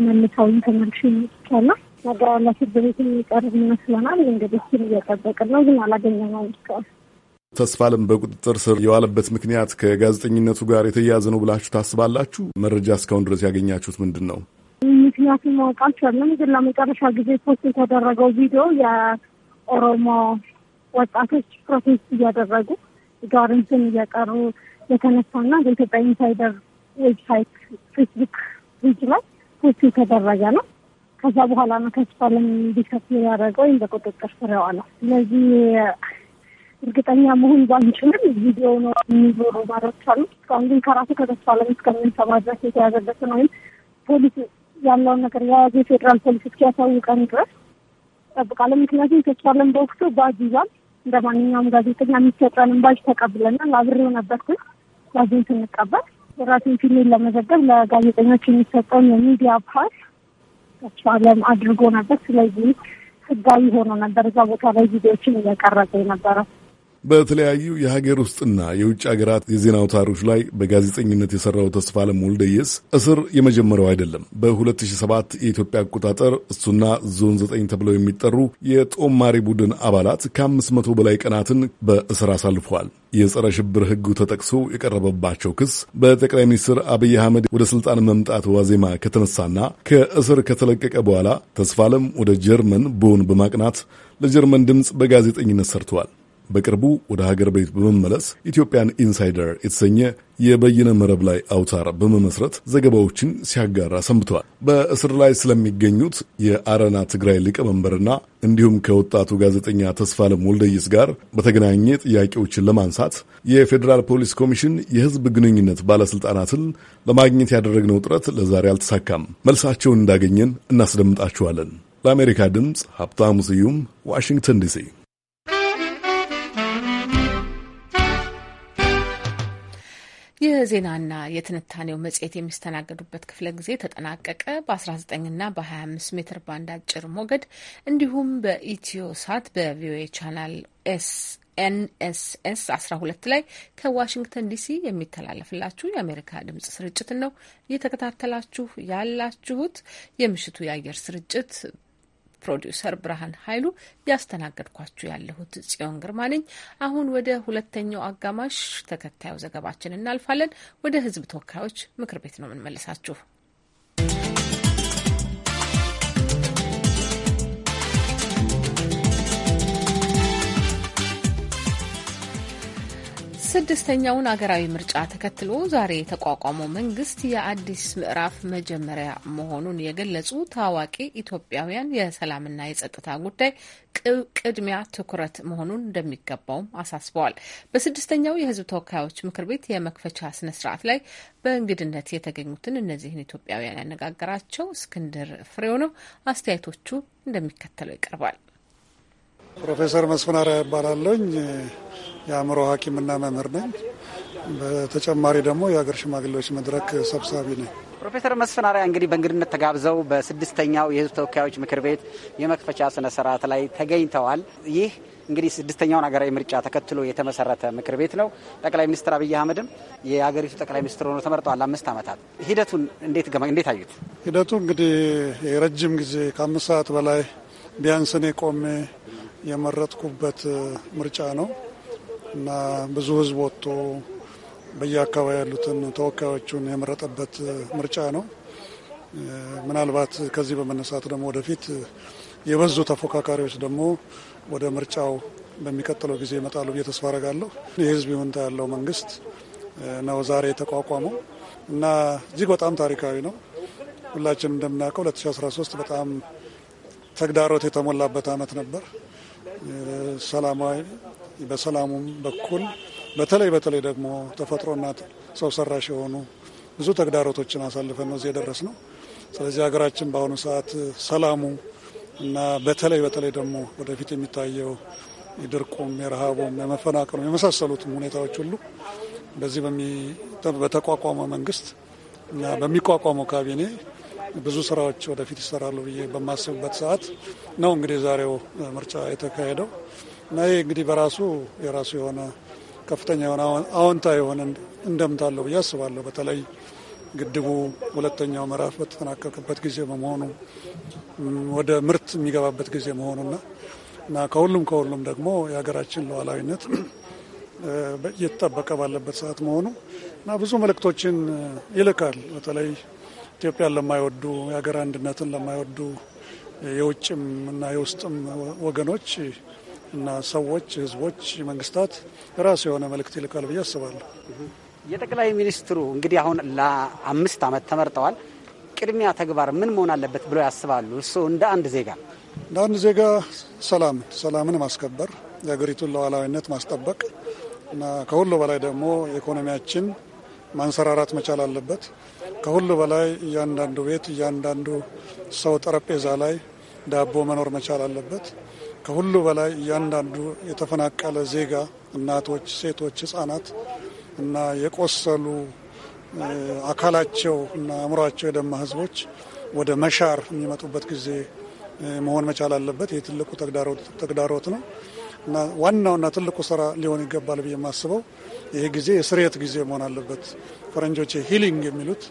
መልሰውን ተመልሽ ይቻለ ነገር ያለ ፍርድ ቤት የሚቀርብ ይመስለናል። እንግዲህ ስል እየጠበቅን ነው፣ ግን አላገኘነውም እስካሁን። ተስፋ አለም በቁጥጥር ስር የዋለበት ምክንያት ከጋዜጠኝነቱ ጋር የተያያዘ ነው ብላችሁ ታስባላችሁ? መረጃ እስካሁን ድረስ ያገኛችሁት ምንድን ነው? ምክንያቱም ማወቅ አልቻልንም፣ ግን ለመጨረሻ ጊዜ ፖስት የተደረገው ቪዲዮ የኦሮሞ ወጣቶች ፕሮቴስት እያደረጉ ጋርንትን እየቀሩ የተነሳው እና በኢትዮጵያ ኢንሳይደር ዌብሳይት ፌስቡክ ፔጅ ላይ ፖስት የተደረገ ነው። ከዛ በኋላ ነው ከስፋለም እንዲከፍ ያደረገው ወይም በቁጥጥር ስር የዋለው። ስለዚህ እርግጠኛ መሆን ባንችልም ቪዲዮ ነው የሚዞሩ ባሮች አሉ። እስካሁን ግን ከራሱ ከተስፋለም እስከምንሰማ ድረስ የተያዘበትን ወይም ፖሊስ ያለውን ነገር የያዘ የፌዴራል ፖሊስ እስኪያሳውቀን ድረስ ጠብቃለን። ምክንያቱም ተስፋለም በወቅቱ ባጅ ይዟል። እንደ ማንኛውም ጋዜጠኛ የሚሰጠንም ባጅ ተቀብለናል። አብሬው ነበርኩኝ። ላግኝ ስንቀበል የራሴን ፊልሜን ለመዘገብ ለጋዜጠኞች የሚሰጠውን የሚዲያ ፓስ ቻለም አድርጎ ነበር። ስለዚህ ህጋዊ ሆኖ ነበር እዛ ቦታ ላይ ቪዲዮችን እያቀረጸ የነበረው። በተለያዩ የሀገር ውስጥና የውጭ ሀገራት የዜና አውታሮች ላይ በጋዜጠኝነት የሰራው ተስፋ ወልደየስ እስር የመጀመሪያው አይደለም። በ2007 የኢትዮጵያ አቆጣጠር እሱና ዞን 9 ተብለው የሚጠሩ የጦማሪ ቡድን አባላት ከ500 በላይ ቀናትን በእስር አሳልፈዋል። የጸረ ሽብር ሕጉ ተጠቅሶ የቀረበባቸው ክስ በጠቅላይ ሚኒስትር አብይ አህመድ ወደ ስልጣን መምጣት ዋዜማ ከተነሳና ከእስር ከተለቀቀ በኋላ ተስፋ ወደ ጀርመን ቦን በማቅናት ለጀርመን ድምፅ በጋዜጠኝነት ሰርተዋል። በቅርቡ ወደ ሀገር ቤት በመመለስ ኢትዮጵያን ኢንሳይደር የተሰኘ የበይነ መረብ ላይ አውታር በመመስረት ዘገባዎችን ሲያጋራ ሰንብተዋል። በእስር ላይ ስለሚገኙት የአረና ትግራይ ሊቀመንበርና እንዲሁም ከወጣቱ ጋዜጠኛ ተስፋለም ወልደየስ ጋር በተገናኘ ጥያቄዎችን ለማንሳት የፌዴራል ፖሊስ ኮሚሽን የሕዝብ ግንኙነት ባለስልጣናትን ለማግኘት ያደረግነው ጥረት ለዛሬ አልተሳካም። መልሳቸውን እንዳገኘን እናስደምጣችኋለን። ለአሜሪካ ድምፅ ሀብታሙ ስዩም ዋሽንግተን ዲሲ የዜናና የትንታኔው መጽሔት የሚስተናገዱበት ክፍለ ጊዜ ተጠናቀቀ። በ19ና በ25 ሜትር ባንድ አጭር ሞገድ እንዲሁም በኢትዮ ሳት በቪኦኤ ቻናል ኤስ ኤንኤስኤስ 12 ላይ ከዋሽንግተን ዲሲ የሚተላለፍላችሁ የአሜሪካ ድምጽ ስርጭትን ነው እየተከታተላችሁ ያላችሁት። የምሽቱ የአየር ስርጭት ፕሮዲውሰር ብርሃን ኃይሉ ያስተናገድኳችሁ ያለሁት ጽዮን ግርማ ነኝ። አሁን ወደ ሁለተኛው አጋማሽ ተከታዩ ዘገባችን እናልፋለን። ወደ ህዝብ ተወካዮች ምክር ቤት ነው የምንመልሳችሁ። ስድስተኛውን አገራዊ ምርጫ ተከትሎ ዛሬ የተቋቋመው መንግስት የአዲስ ምዕራፍ መጀመሪያ መሆኑን የገለጹ ታዋቂ ኢትዮጵያውያን የሰላምና የጸጥታ ጉዳይ ቅድሚያ ትኩረት መሆኑን እንደሚገባውም አሳስበዋል። በስድስተኛው የህዝብ ተወካዮች ምክር ቤት የመክፈቻ ስነ ስርዓት ላይ በእንግድነት የተገኙትን እነዚህን ኢትዮጵያውያን ያነጋገራቸው እስክንድር ፍሬው ነው። አስተያየቶቹ እንደሚከተለው ይቀርባል። ፕሮፌሰር መስፍን አርአያ ይባላለኝ። የአእምሮ ሐኪምና መምህር ነኝ። በተጨማሪ ደግሞ የሀገር ሽማግሌዎች መድረክ ሰብሳቢ ነኝ። ፕሮፌሰር መስፍን አርአያ እንግዲህ በእንግድነት ተጋብዘው በስድስተኛው የህዝብ ተወካዮች ምክር ቤት የመክፈቻ ስነ ስርዓት ላይ ተገኝተዋል። ይህ እንግዲህ ስድስተኛውን ሀገራዊ ምርጫ ተከትሎ የተመሰረተ ምክር ቤት ነው። ጠቅላይ ሚኒስትር አብይ አህመድም የሀገሪቱ ጠቅላይ ሚኒስትር ሆኖ ተመርጠዋል። አምስት ዓመታት ሂደቱን እንዴት እንዴት አዩት? ሂደቱ እንግዲህ የረጅም ጊዜ ከአምስት ሰዓት በላይ ቢያንስ እኔ ቆሜ የመረጥኩበት ምርጫ ነው እና ብዙ ህዝብ ወጥቶ በየአካባቢ ያሉትን ተወካዮቹን የመረጠበት ምርጫ ነው። ምናልባት ከዚህ በመነሳት ደግሞ ወደፊት የበዙ ተፎካካሪዎች ደግሞ ወደ ምርጫው በሚቀጥለው ጊዜ ይመጣሉ ብዬ ተስፋ አረጋለሁ። የህዝብ ይሁንታ ያለው መንግስት ነው ዛሬ የተቋቋመው እና እጅግ በጣም ታሪካዊ ነው። ሁላችንም እንደምናውቀው 2013 በጣም ተግዳሮት የተሞላበት አመት ነበር። ሰላማዊ በሰላሙም በኩል በተለይ በተለይ ደግሞ ተፈጥሮና ሰው ሰራሽ የሆኑ ብዙ ተግዳሮቶችን አሳልፈን ነው እዚህ የደረስ ነው። ስለዚህ ሀገራችን በአሁኑ ሰዓት ሰላሙ እና በተለይ በተለይ ደግሞ ወደፊት የሚታየው የድርቁም፣ የረሃቡም፣ የመፈናቀሉም የመሳሰሉትም ሁኔታዎች ሁሉ በዚህ በተቋቋመ መንግስት እና በሚቋቋመው ካቢኔ ብዙ ስራዎች ወደፊት ይሰራሉ ብዬ በማስብበት ሰዓት ነው እንግዲህ ዛሬው ምርጫ የተካሄደው እና ይህ እንግዲህ በራሱ የራሱ የሆነ ከፍተኛ የሆነ አዎንታ የሆነ እንደምታለው ብዬ አስባለሁ። በተለይ ግድቡ ሁለተኛው ምዕራፍ በተጠናቀቅበት ጊዜ በመሆኑ ወደ ምርት የሚገባበት ጊዜ መሆኑና እና ከሁሉም ከሁሉም ደግሞ የሀገራችን ሉዓላዊነት እየተጠበቀ ባለበት ሰዓት መሆኑ እና ብዙ መልእክቶችን ይልካል። በተለይ ኢትዮጵያን ለማይወዱ የሀገር አንድነትን ለማይወዱ የውጭም እና የውስጥም ወገኖች እና ሰዎች፣ ህዝቦች፣ መንግስታት የራሱ የሆነ መልእክት ይልካል ብዬ አስባለሁ። የጠቅላይ ሚኒስትሩ እንግዲህ አሁን ለአምስት ዓመት ተመርጠዋል። ቅድሚያ ተግባር ምን መሆን አለበት ብለው ያስባሉ? እሱ እንደ አንድ ዜጋ እንደ አንድ ዜጋ ሰላምን ሰላምን ማስከበር የሀገሪቱን ሉዓላዊነት ማስጠበቅ እና ከሁሉ በላይ ደግሞ ኢኮኖሚያችን ማንሰራራት መቻል አለበት። ከሁሉ በላይ እያንዳንዱ ቤት እያንዳንዱ ሰው ጠረጴዛ ላይ ዳቦ መኖር መቻል አለበት። ከሁሉ በላይ እያንዳንዱ የተፈናቀለ ዜጋ እናቶች፣ ሴቶች፣ ህጻናት እና የቆሰሉ አካላቸው እና አእምሯቸው የደማ ህዝቦች ወደ መሻር የሚመጡበት ጊዜ መሆን መቻል አለበት። ይህ ትልቁ ተግዳሮት ነው እና ዋናውና ትልቁ ስራ ሊሆን ይገባል ብዬ የማስበው ይሄ ጊዜ የስርየት ጊዜ መሆን አለበት። ፈረንጆች ሂሊንግ የሚሉት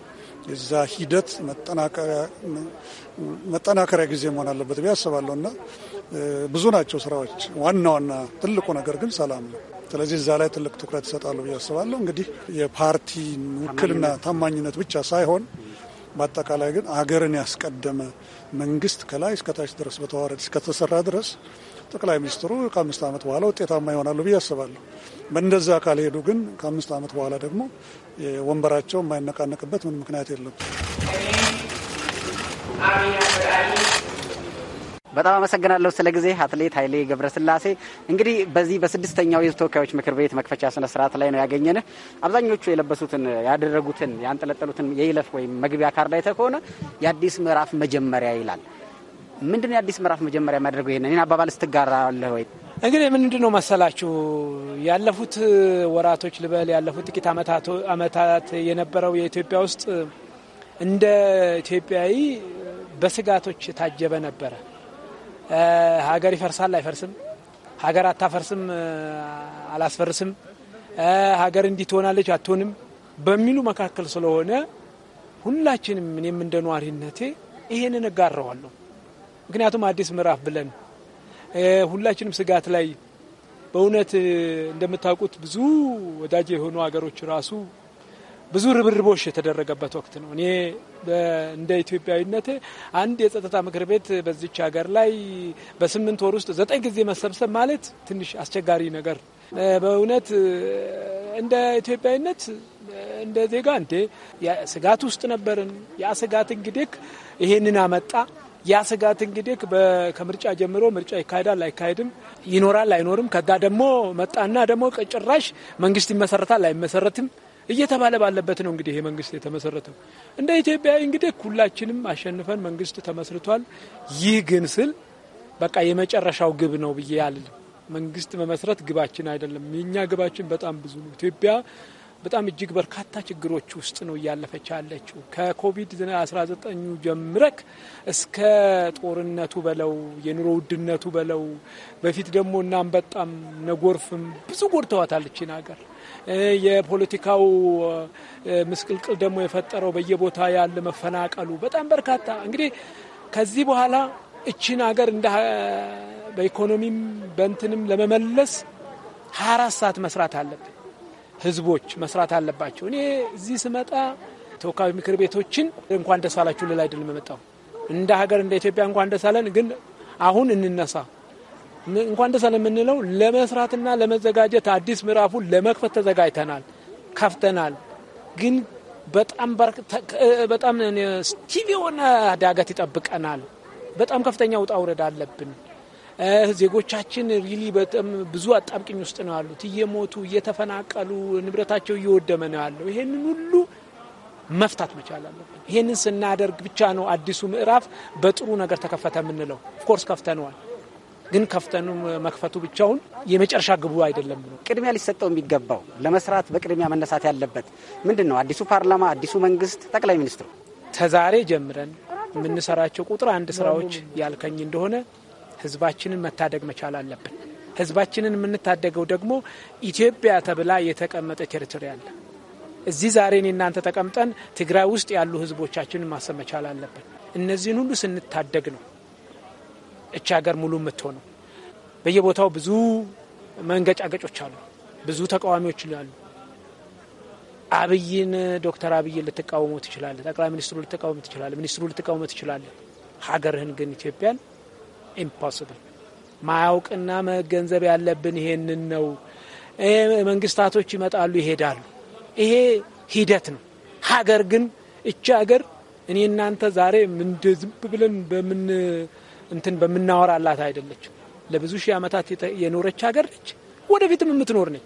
የዛ ሂደት መጠናከሪያ ጊዜ መሆን አለበት ብዬ አስባለሁ እና ብዙ ናቸው ስራዎች። ዋና ዋና ትልቁ ነገር ግን ሰላም ነው። ስለዚህ እዛ ላይ ትልቅ ትኩረት ይሰጣሉ ብዬ አስባለሁ። እንግዲህ የፓርቲ ውክልና ታማኝነት ብቻ ሳይሆን በአጠቃላይ ግን አገርን ያስቀደመ መንግስት ከላይ እስከታች ድረስ በተዋረድ እስከተሰራ ድረስ ጠቅላይ ሚኒስትሩ ከአምስት ዓመት በኋላ ውጤታማ ይሆናሉ ብዬ አስባለሁ። በእንደዛ ካልሄዱ ግን ከአምስት ዓመት በኋላ ደግሞ ወንበራቸው የማይነቃነቅበት ምን ምክንያት የለም። በጣም አመሰግናለሁ ስለ ጊዜ አትሌት ኃይሌ ገብረስላሴ። እንግዲህ በዚህ በስድስተኛው የህዝብ ተወካዮች ምክር ቤት መክፈቻ ስነ ስርዓት ላይ ነው ያገኘንህ። አብዛኞቹ የለበሱትን ያደረጉትን ያንጠለጠሉትን የይለፍ ወይም መግቢያ ካርድ አይተህ ከሆነ የአዲስ ምዕራፍ መጀመሪያ ይላል። ምንድን ነው የአዲስ ምዕራፍ መጀመሪያ የሚያደርገው? ይሄን እኔን አባባል ስትጋራለህ ወይ? እንግዲህ ምንድን ነው መሰላችሁ ያለፉት ወራቶች ልበል ያለፉት ጥቂት ዓመታት የነበረው የኢትዮጵያ ውስጥ እንደ ኢትዮጵያዊ በስጋቶች የታጀበ ነበረ። ሀገር ይፈርሳል አይፈርስም፣ ሀገር አታፈርስም አላስፈርስም፣ ሀገር እንዲህ ትሆናለች አትሆንም በሚሉ መካከል ስለሆነ ሁላችንም እኔም እንደ ነዋሪነቴ ይሄንን እጋረዋለሁ። ምክንያቱም አዲስ ምዕራፍ ብለን ሁላችንም ስጋት ላይ በእውነት እንደምታውቁት ብዙ ወዳጅ የሆኑ ሀገሮች ራሱ ብዙ ርብርቦች የተደረገበት ወቅት ነው። እኔ እንደ ኢትዮጵያዊነት አንድ የጸጥታ ምክር ቤት በዚች ሀገር ላይ በስምንት ወር ውስጥ ዘጠኝ ጊዜ መሰብሰብ ማለት ትንሽ አስቸጋሪ ነገር በእውነት እንደ ኢትዮጵያዊነት እንደ ዜጋ እንዴ ስጋት ውስጥ ነበርን። ያ ስጋት እንግዲህ ይሄንን አመጣ። ያ ስጋት እንግዲህ ከምርጫ ጀምሮ ምርጫ ይካሄዳል አይካሄድም፣ ይኖራል አይኖርም፣ ከዛ ደግሞ መጣና ደግሞ ጭራሽ መንግስት ይመሰረታል አይመሰረትም እየተባለ ባለበት ነው እንግዲህ ይሄ መንግስት የተመሰረተው። እንደ ኢትዮጵያዊ እንግዲህ ሁላችንም አሸንፈን መንግስት ተመስርቷል። ይህ ግን ስል በቃ የመጨረሻው ግብ ነው ብዬ አልልም። መንግስት መመስረት ግባችን አይደለም። የእኛ ግባችን በጣም ብዙ ነው። ኢትዮጵያ በጣም እጅግ በርካታ ችግሮች ውስጥ ነው እያለፈች ያለችው። ከኮቪድ 19 ጀምረክ እስከ ጦርነቱ በለው የኑሮ ውድነቱ በለው በፊት ደግሞ እናም በጣም ነጎርፍም ብዙ ጎድተዋታለች ሀገር። የፖለቲካው ምስቅልቅል ደግሞ የፈጠረው በየቦታ ያለ መፈናቀሉ በጣም በርካታ እንግዲህ ከዚህ በኋላ እችን ሀገር እንደ በኢኮኖሚም በእንትንም ለመመለስ 24 ሰዓት መስራት አለብን። ህዝቦች መስራት አለባቸው። እኔ እዚህ ስመጣ ተወካዮች ምክር ቤቶችን እንኳን ደስ አላችሁ ልል አይደለም የመጣው እንደ ሀገር እንደ ኢትዮጵያ እንኳን ደስ አለን፣ ግን አሁን እንነሳ እንኳን ደስ አለን የምንለው ለመስራትና ለመዘጋጀት አዲስ ምዕራፉን ለመክፈት ተዘጋጅተናል፣ ከፍተናል። ግን በጣም በጣም ስቲቭ የሆነ ዳገት ይጠብቀናል። በጣም ከፍተኛ ውጣ ውረድ አለብን። ዜጎቻችን ሪሊ በጣም ብዙ አጣብቅኝ ውስጥ ነው ያሉት። እየሞቱ እየተፈናቀሉ ንብረታቸው እየወደመ ነው ያለው። ይሄንን ሁሉ መፍታት መቻል አለብን። ይሄንን ስናደርግ ብቻ ነው አዲሱ ምዕራፍ በጥሩ ነገር ተከፈተ የምንለው። ኦፍኮርስ ከፍተነዋል፣ ግን ከፍተኑ መክፈቱ ብቻውን የመጨረሻ ግቡ አይደለም። ብሎ ቅድሚያ ሊሰጠው የሚገባው ለመስራት በቅድሚያ መነሳት ያለበት ምንድን ነው? አዲሱ ፓርላማ፣ አዲሱ መንግስት፣ ጠቅላይ ሚኒስትሩ ተዛሬ ጀምረን የምንሰራቸው ቁጥር አንድ ስራዎች ያልከኝ እንደሆነ ህዝባችንን መታደግ መቻል አለብን። ህዝባችንን የምንታደገው ደግሞ ኢትዮጵያ ተብላ የተቀመጠ ቴሪቶሪ አለ። እዚህ ዛሬ እኔ እናንተ ተቀምጠን ትግራይ ውስጥ ያሉ ህዝቦቻችንን ማሰብ መቻል አለብን። እነዚህን ሁሉ ስንታደግ ነው እቺ ሀገር ሙሉ የምትሆነው። በየቦታው ብዙ መንገጫገጮች አሉ፣ ብዙ ተቃዋሚዎች አሉ። አብይን ዶክተር አብይን ልትቃወሙ ትችላለ፣ ጠቅላይ ሚኒስትሩ ልትቃወሙ ትችላለ፣ ሚኒስትሩ ልትቃወሙ ትችላለ። ሀገርህን ግን ኢትዮጵያን ኢምፖስብል ማያውቅና መገንዘብ ያለብን ይሄንን ነው። መንግስታቶች ይመጣሉ ይሄዳሉ። ይሄ ሂደት ነው። ሀገር ግን እቺ ሀገር እኔ እናንተ ዛሬ ዝም ብለን በምን እንትን በምናወራላት አይደለችም። ለብዙ ሺህ ዓመታት የኖረች ሀገር ነች። ወደፊትም የምትኖር ነች።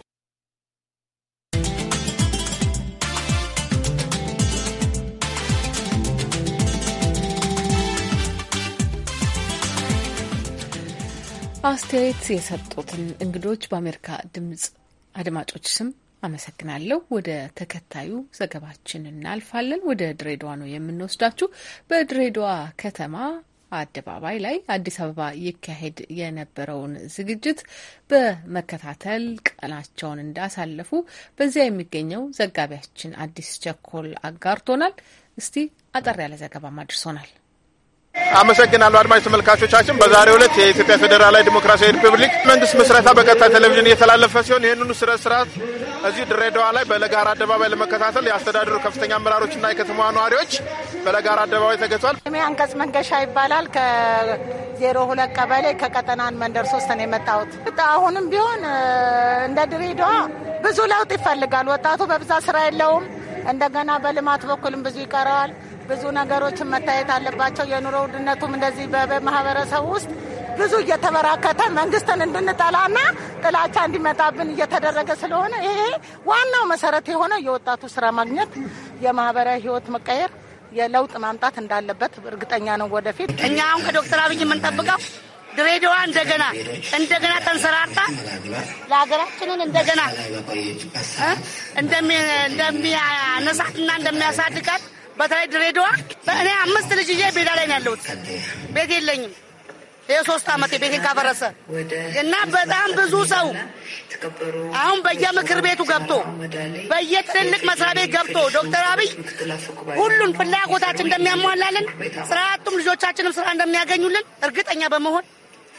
አስተያየት የሰጡትን እንግዶች በአሜሪካ ድምጽ አድማጮች ስም አመሰግናለሁ። ወደ ተከታዩ ዘገባችን እናልፋለን። ወደ ድሬዳዋ ነው የምንወስዳችሁ። በድሬዳዋ ከተማ አደባባይ ላይ አዲስ አበባ ይካሄድ የነበረውን ዝግጅት በመከታተል ቀናቸውን እንዳሳለፉ በዚያ የሚገኘው ዘጋቢያችን አዲስ ቸኮል አጋርቶናል። እስቲ አጠር ያለ ዘገባም አድርሶናል። አመሰግናለሁ። አድማጭ ተመልካቾቻችን በዛሬው ዕለት የኢትዮጵያ ፌዴራላዊ ዲሞክራሲያዊ ሪፐብሊክ መንግስት መስረታ በቀጥታ ቴሌቪዥን እየተላለፈ ሲሆን ይህንኑ ስነ ስርዓት እዚህ ድሬዳዋ ላይ በለጋራ አደባባይ ለመከታተል የአስተዳደሩ ከፍተኛ አመራሮችና የከተማ ነዋሪዎች በለጋራ አደባባይ ተገቷል። አንቀጽ መንገሻ ይባላል። ከዜሮ ሁለት ቀበሌ ከቀጠናን መንደር ሶስት ነው የመጣሁት። አሁንም ቢሆን እንደ ድሬዳዋ ብዙ ለውጥ ይፈልጋል። ወጣቱ በብዛት ስራ የለውም። እንደገና በልማት በኩልም ብዙ ይቀረዋል። ብዙ ነገሮችን መታየት አለባቸው። የኑሮ ውድነቱም እንደዚህ በማህበረሰቡ ውስጥ ብዙ እየተበራከተ መንግስትን እንድንጠላና ጥላቻ እንዲመጣብን እየተደረገ ስለሆነ ይሄ ዋናው መሰረት የሆነ የወጣቱ ስራ ማግኘት፣ የማህበራዊ ህይወት መቀየር፣ የለውጥ ማምጣት እንዳለበት እርግጠኛ ነው። ወደፊት እኛ አሁን ከዶክተር አብይ የምንጠብቀው ድሬዳዋ እንደገና እንደገና ተንሰራርታ ለሀገራችንን እንደገና እንደሚያነሳትና እንደሚያሳድጋት በተለይ ድሬዳዋ እኔ አምስት ልጅ ይዤ ሜዳ ላይ ነው ያለሁት። ቤት የለኝም። ሶስት ዓመት ቤቴን ካፈረሰ እና በጣም ብዙ ሰው አሁን በየምክር ቤቱ ገብቶ በየትልልቅ መስሪያ ቤት ገብቶ ዶክተር አብይ ሁሉን ፍላጎታችን እንደሚያሟላልን ስርዓቱም ልጆቻችንም ስራ እንደሚያገኙልን እርግጠኛ በመሆን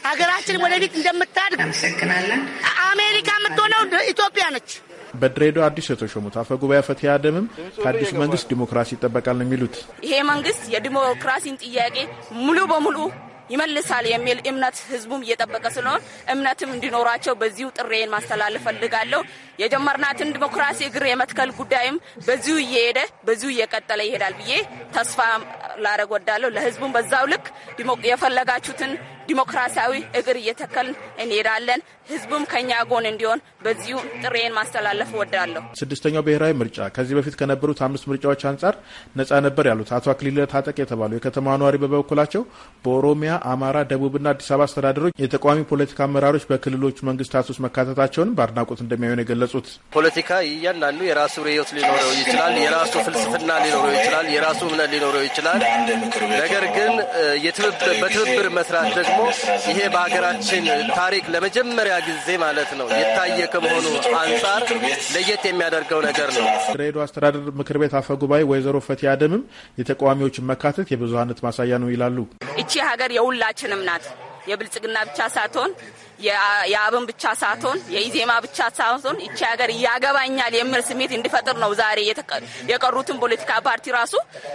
ሀገራችን ወደፊት እንደምታድግ አሜሪካ የምትሆነው ኢትዮጵያ ነች። በድሬዳዋ አዲስ የተሾሙት አፈ ጉባኤ ፈትሄ አደምም ከአዲሱ መንግስት ዲሞክራሲ ይጠበቃል ነው የሚሉት። ይሄ መንግስት የዲሞክራሲን ጥያቄ ሙሉ በሙሉ ይመልሳል የሚል እምነት ህዝቡም እየጠበቀ ስለሆን እምነትም እንዲኖራቸው በዚሁ ጥሬን ማስተላለፍ ፈልጋለሁ። የጀመርናትን ዲሞክራሲ እግር የመትከል ጉዳይም በዚሁ እየሄደ በዚሁ እየቀጠለ ይሄዳል ብዬ ተስፋ ላረግ ወዳለሁ። ለህዝቡም በዛው ልክ የፈለጋችሁትን ዲሞክራሲያዊ እግር እየተከልን እንሄዳለን። ህዝቡም ከኛ ጎን እንዲሆን በዚሁ ጥሬን ማስተላለፍ እወዳለሁ። ስድስተኛው ብሔራዊ ምርጫ ከዚህ በፊት ከነበሩት አምስት ምርጫዎች አንጻር ነጻ ነበር ያሉት አቶ አክሊለ ታጠቅ የተባሉ የከተማ ነዋሪ በበኩላቸው በኦሮሚያ፣ አማራ፣ ደቡብና አዲስ አበባ አስተዳደሮች የተቃዋሚ ፖለቲካ አመራሮች በክልሎች መንግስታት ውስጥ መካተታቸውን በአድናቆት እንደሚያዩን የገለጹት ፖለቲካ እያንዳንዱ የራሱ ርዕዮት ሊኖረው ይችላል፣ የራሱ ፍልስፍና ሊኖረው ይችላል፣ የራሱ እምነት ሊኖረው ይችላል። ነገር ግን በትብብር መስራት ደግሞ ይሄ በሀገራችን ታሪክ ለመጀመሪያ ጊዜ ማለት ነው የታየ ከመሆኑ አንጻር ለየት የሚያደርገው ነገር ነው። ድሬዳዋ አስተዳደር ምክር ቤት አፈ ጉባኤ ወይዘሮ ፈቲ አደምም የተቃዋሚዎችን መካተት የብዙሀነት ማሳያ ነው ይላሉ። እቺ ሀገር የሁላችንም ናት። የብልጽግና ብቻ ሳትሆን የአብን ብቻ ሳትሆን የኢዜማ ብቻ ሳትሆን እቺ ሀገር ያገባኛል የሚል ስሜት እንዲፈጥር ነው። ዛሬ የቀሩትን ፖለቲካ ፓርቲ ራሱ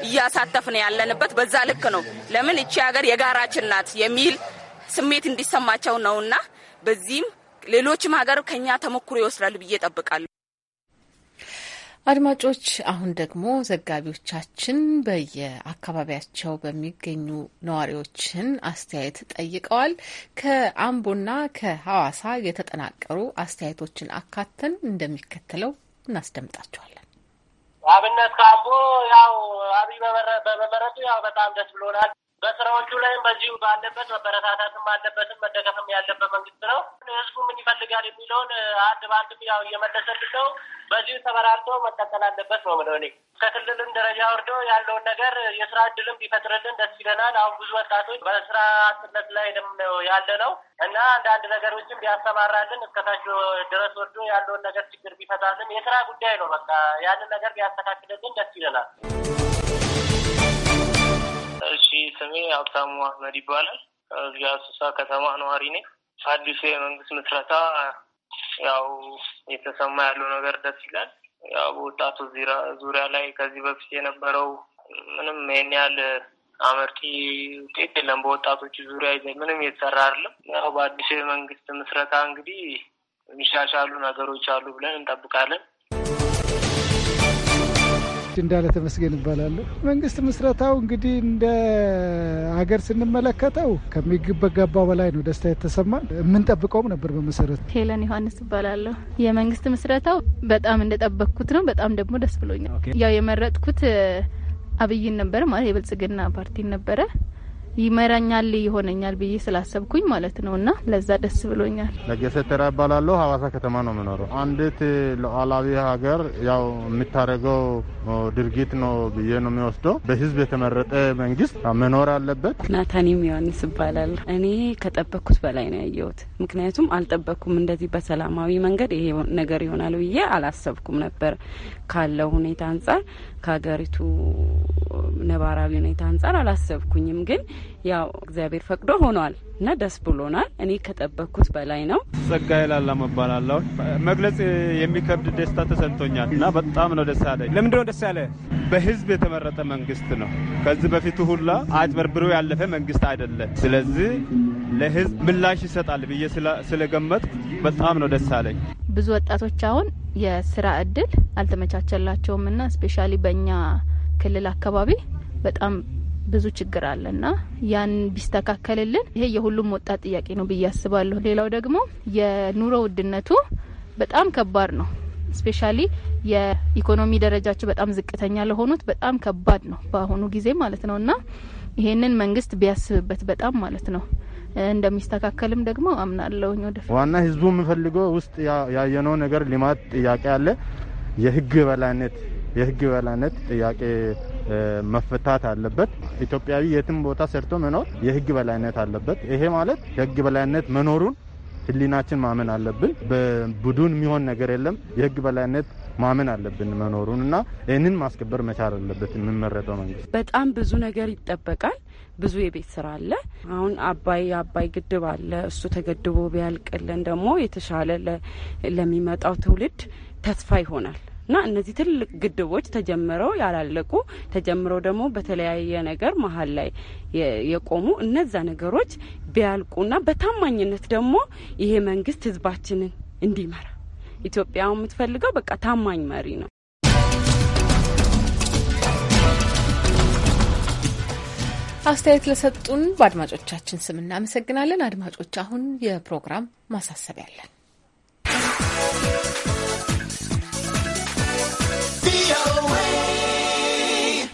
እያሳተፍን ያለንበት በዛ ልክ ነው። ለምን እቺ ሀገር የጋራችን ናት የሚል ስሜት እንዲሰማቸው ነውና በዚህም ሌሎችም ሀገር ከኛ ተሞክሮ ይወስዳሉ ብዬ ጠብቃለሁ። አድማጮች አሁን ደግሞ ዘጋቢዎቻችን በየአካባቢያቸው በሚገኙ ነዋሪዎችን አስተያየት ጠይቀዋል። ከአምቦና ከሐዋሳ የተጠናቀሩ አስተያየቶችን አካተን እንደሚከተለው እናስደምጣቸዋለን። አብነት ከአምቦ ያው አብይ በመመረጡ ያው በጣም ደስ ብሎናል። በስራዎቹ ላይም በዚሁ ባለበት መበረታታትም ባለበትም መደገፍም ያለበት መንግስት ነው። ህዝቡ ምን ይፈልጋል የሚለውን አንድ በአንድም ያው እየመለሰልን ነው። በዚሁ ተበራርቶ መቀጠል አለበት ነው ምለው እኔ ከክልልም ደረጃ ወርዶ ያለውን ነገር የስራ እድልም ቢፈጥርልን ደስ ይለናል። አሁን ብዙ ወጣቶች በስራ አጥነት ላይ ነው ያለ ነው እና አንዳንድ ነገሮችም ቢያሰማራልን እስከታች ድረስ ወርዶ ያለውን ነገር ችግር ቢፈታልን የስራ ጉዳይ ነው። በቃ ያንን ነገር ቢያስተካክልልን ደስ ይለናል። እሺ ስሜ ሀብታሙ አህመድ ይባላል። እዚህ አሶሳ ከተማ ነዋሪ ነኝ። አዲሱ የመንግስት ምስረታ ያው የተሰማ ያለው ነገር ደስ ይላል። ያው በወጣቱ ዙሪያ ላይ ከዚህ በፊት የነበረው ምንም ይህን ያህል አመርቂ ውጤት የለም። በወጣቶቹ ዙሪያ ይዘ ምንም የተሰራ አይደለም። ያው በአዲሱ የመንግስት ምስረታ እንግዲህ የሚሻሻሉ ነገሮች አሉ ብለን እንጠብቃለን። እንዳለ ተመስገን ይባላለሁ። መንግስት ምስረታው እንግዲህ እንደ ሀገር ስንመለከተው ከሚገባ በላይ ነው ደስታ የተሰማን የምንጠብቀውም ነበር። በመሰረቱ ሄለን ዮሐንስ ይባላለሁ። የመንግስት ምስረታው በጣም እንደጠበቅኩት ነው። በጣም ደግሞ ደስ ብሎኛል። ያው የመረጥኩት አብይን ነበረ ማለት የብልጽግና ፓርቲን ነበረ ይመራኛል ይሆነኛል ብዬ ስላሰብኩኝ ማለት ነው። እና ለዛ ደስ ብሎኛል። ለገሰ ተራ ሀዋሳ ከተማ ነው የምኖረው። አንዲት ሉዓላዊ ሀገር ያው የምታደርገው ድርጊት ነው ብዬ ነው የሚወስደው። በህዝብ የተመረጠ መንግስት መኖር አለበት። ናታኒም ዮሐንስ እባላለሁ። እኔ ከጠበኩት በላይ ነው ያየሁት። ምክንያቱም አልጠበኩም እንደዚህ በሰላማዊ መንገድ ይሄ ነገር ይሆናል ብዬ አላሰብኩም ነበር። ካለው ሁኔታ አንጻር ከሀገሪቱ ነባራዊ ሁኔታ አንጻር አላሰብኩኝም። ግን ያው እግዚአብሔር ፈቅዶ ሆኗል እና ደስ ብሎናል። እኔ ከጠበቅኩት በላይ ነው። ጸጋ ላላ መባላለሁ። መግለጽ የሚከብድ ደስታ ተሰምቶኛል እና በጣም ነው ደስ ያለኝ። ለምንድን ነው ደስ ያለ? በህዝብ የተመረጠ መንግስት ነው። ከዚህ በፊቱ ሁላ አጭበርብሮ ያለፈ መንግስት አይደለም። ስለዚህ ለህዝብ ምላሽ ይሰጣል ብዬ ስለገመት በጣም ነው ደስ ያለኝ። ብዙ ወጣቶች አሁን የስራ እድል አልተመቻቸላቸውም እና ስፔሻሊ በእኛ ክልል አካባቢ በጣም ብዙ ችግር አለ እና ያን ቢስተካከልልን ይሄ የሁሉም ወጣት ጥያቄ ነው ብዬ አስባለሁ። ሌላው ደግሞ የኑሮ ውድነቱ በጣም ከባድ ነው። ስፔሻሊ የኢኮኖሚ ደረጃቸው በጣም ዝቅተኛ ለሆኑት በጣም ከባድ ነው በአሁኑ ጊዜ ማለት ነው እና ይሄንን መንግስት ቢያስብበት በጣም ማለት ነው እንደሚስተካከልም ደግሞ አምናለሁኝ። ወደፊት ዋና ህዝቡ የምፈልገው ውስጥ ያየነው ነገር ልማት ጥያቄ አለ። የህግ በላይነት የህግ በላይነት ጥያቄ መፈታት አለበት። ኢትዮጵያዊ የትም ቦታ ሰርቶ መኖር የህግ በላይነት አለበት። ይሄ ማለት የህግ በላይነት መኖሩን ህሊናችን ማመን አለብን። በቡድን የሚሆን ነገር የለም። የህግ በላይነት ማመን አለብን መኖሩን እና ይህንን ማስከበር መቻል አለበት የሚመረጠው መንግስት። በጣም ብዙ ነገር ይጠበቃል። ብዙ የቤት ስራ አለ። አሁን አባይ አባይ ግድብ አለ። እሱ ተገድቦ ቢያልቅልን ደግሞ የተሻለ ለሚመጣው ትውልድ ተስፋ ይሆናል እና እነዚህ ትልቅ ግድቦች ተጀምረው ያላለቁ ተጀምረው ደግሞ በተለያየ ነገር መሀል ላይ የቆሙ እነዛ ነገሮች ቢያልቁና በታማኝነት ደግሞ ይሄ መንግስት ህዝባችንን እንዲመራ ኢትዮጵያ የምትፈልገው በቃ ታማኝ መሪ ነው። አስተያየት ለሰጡን በአድማጮቻችን ስም እናመሰግናለን። አድማጮች፣ አሁን የፕሮግራም ማሳሰቢያ አለን።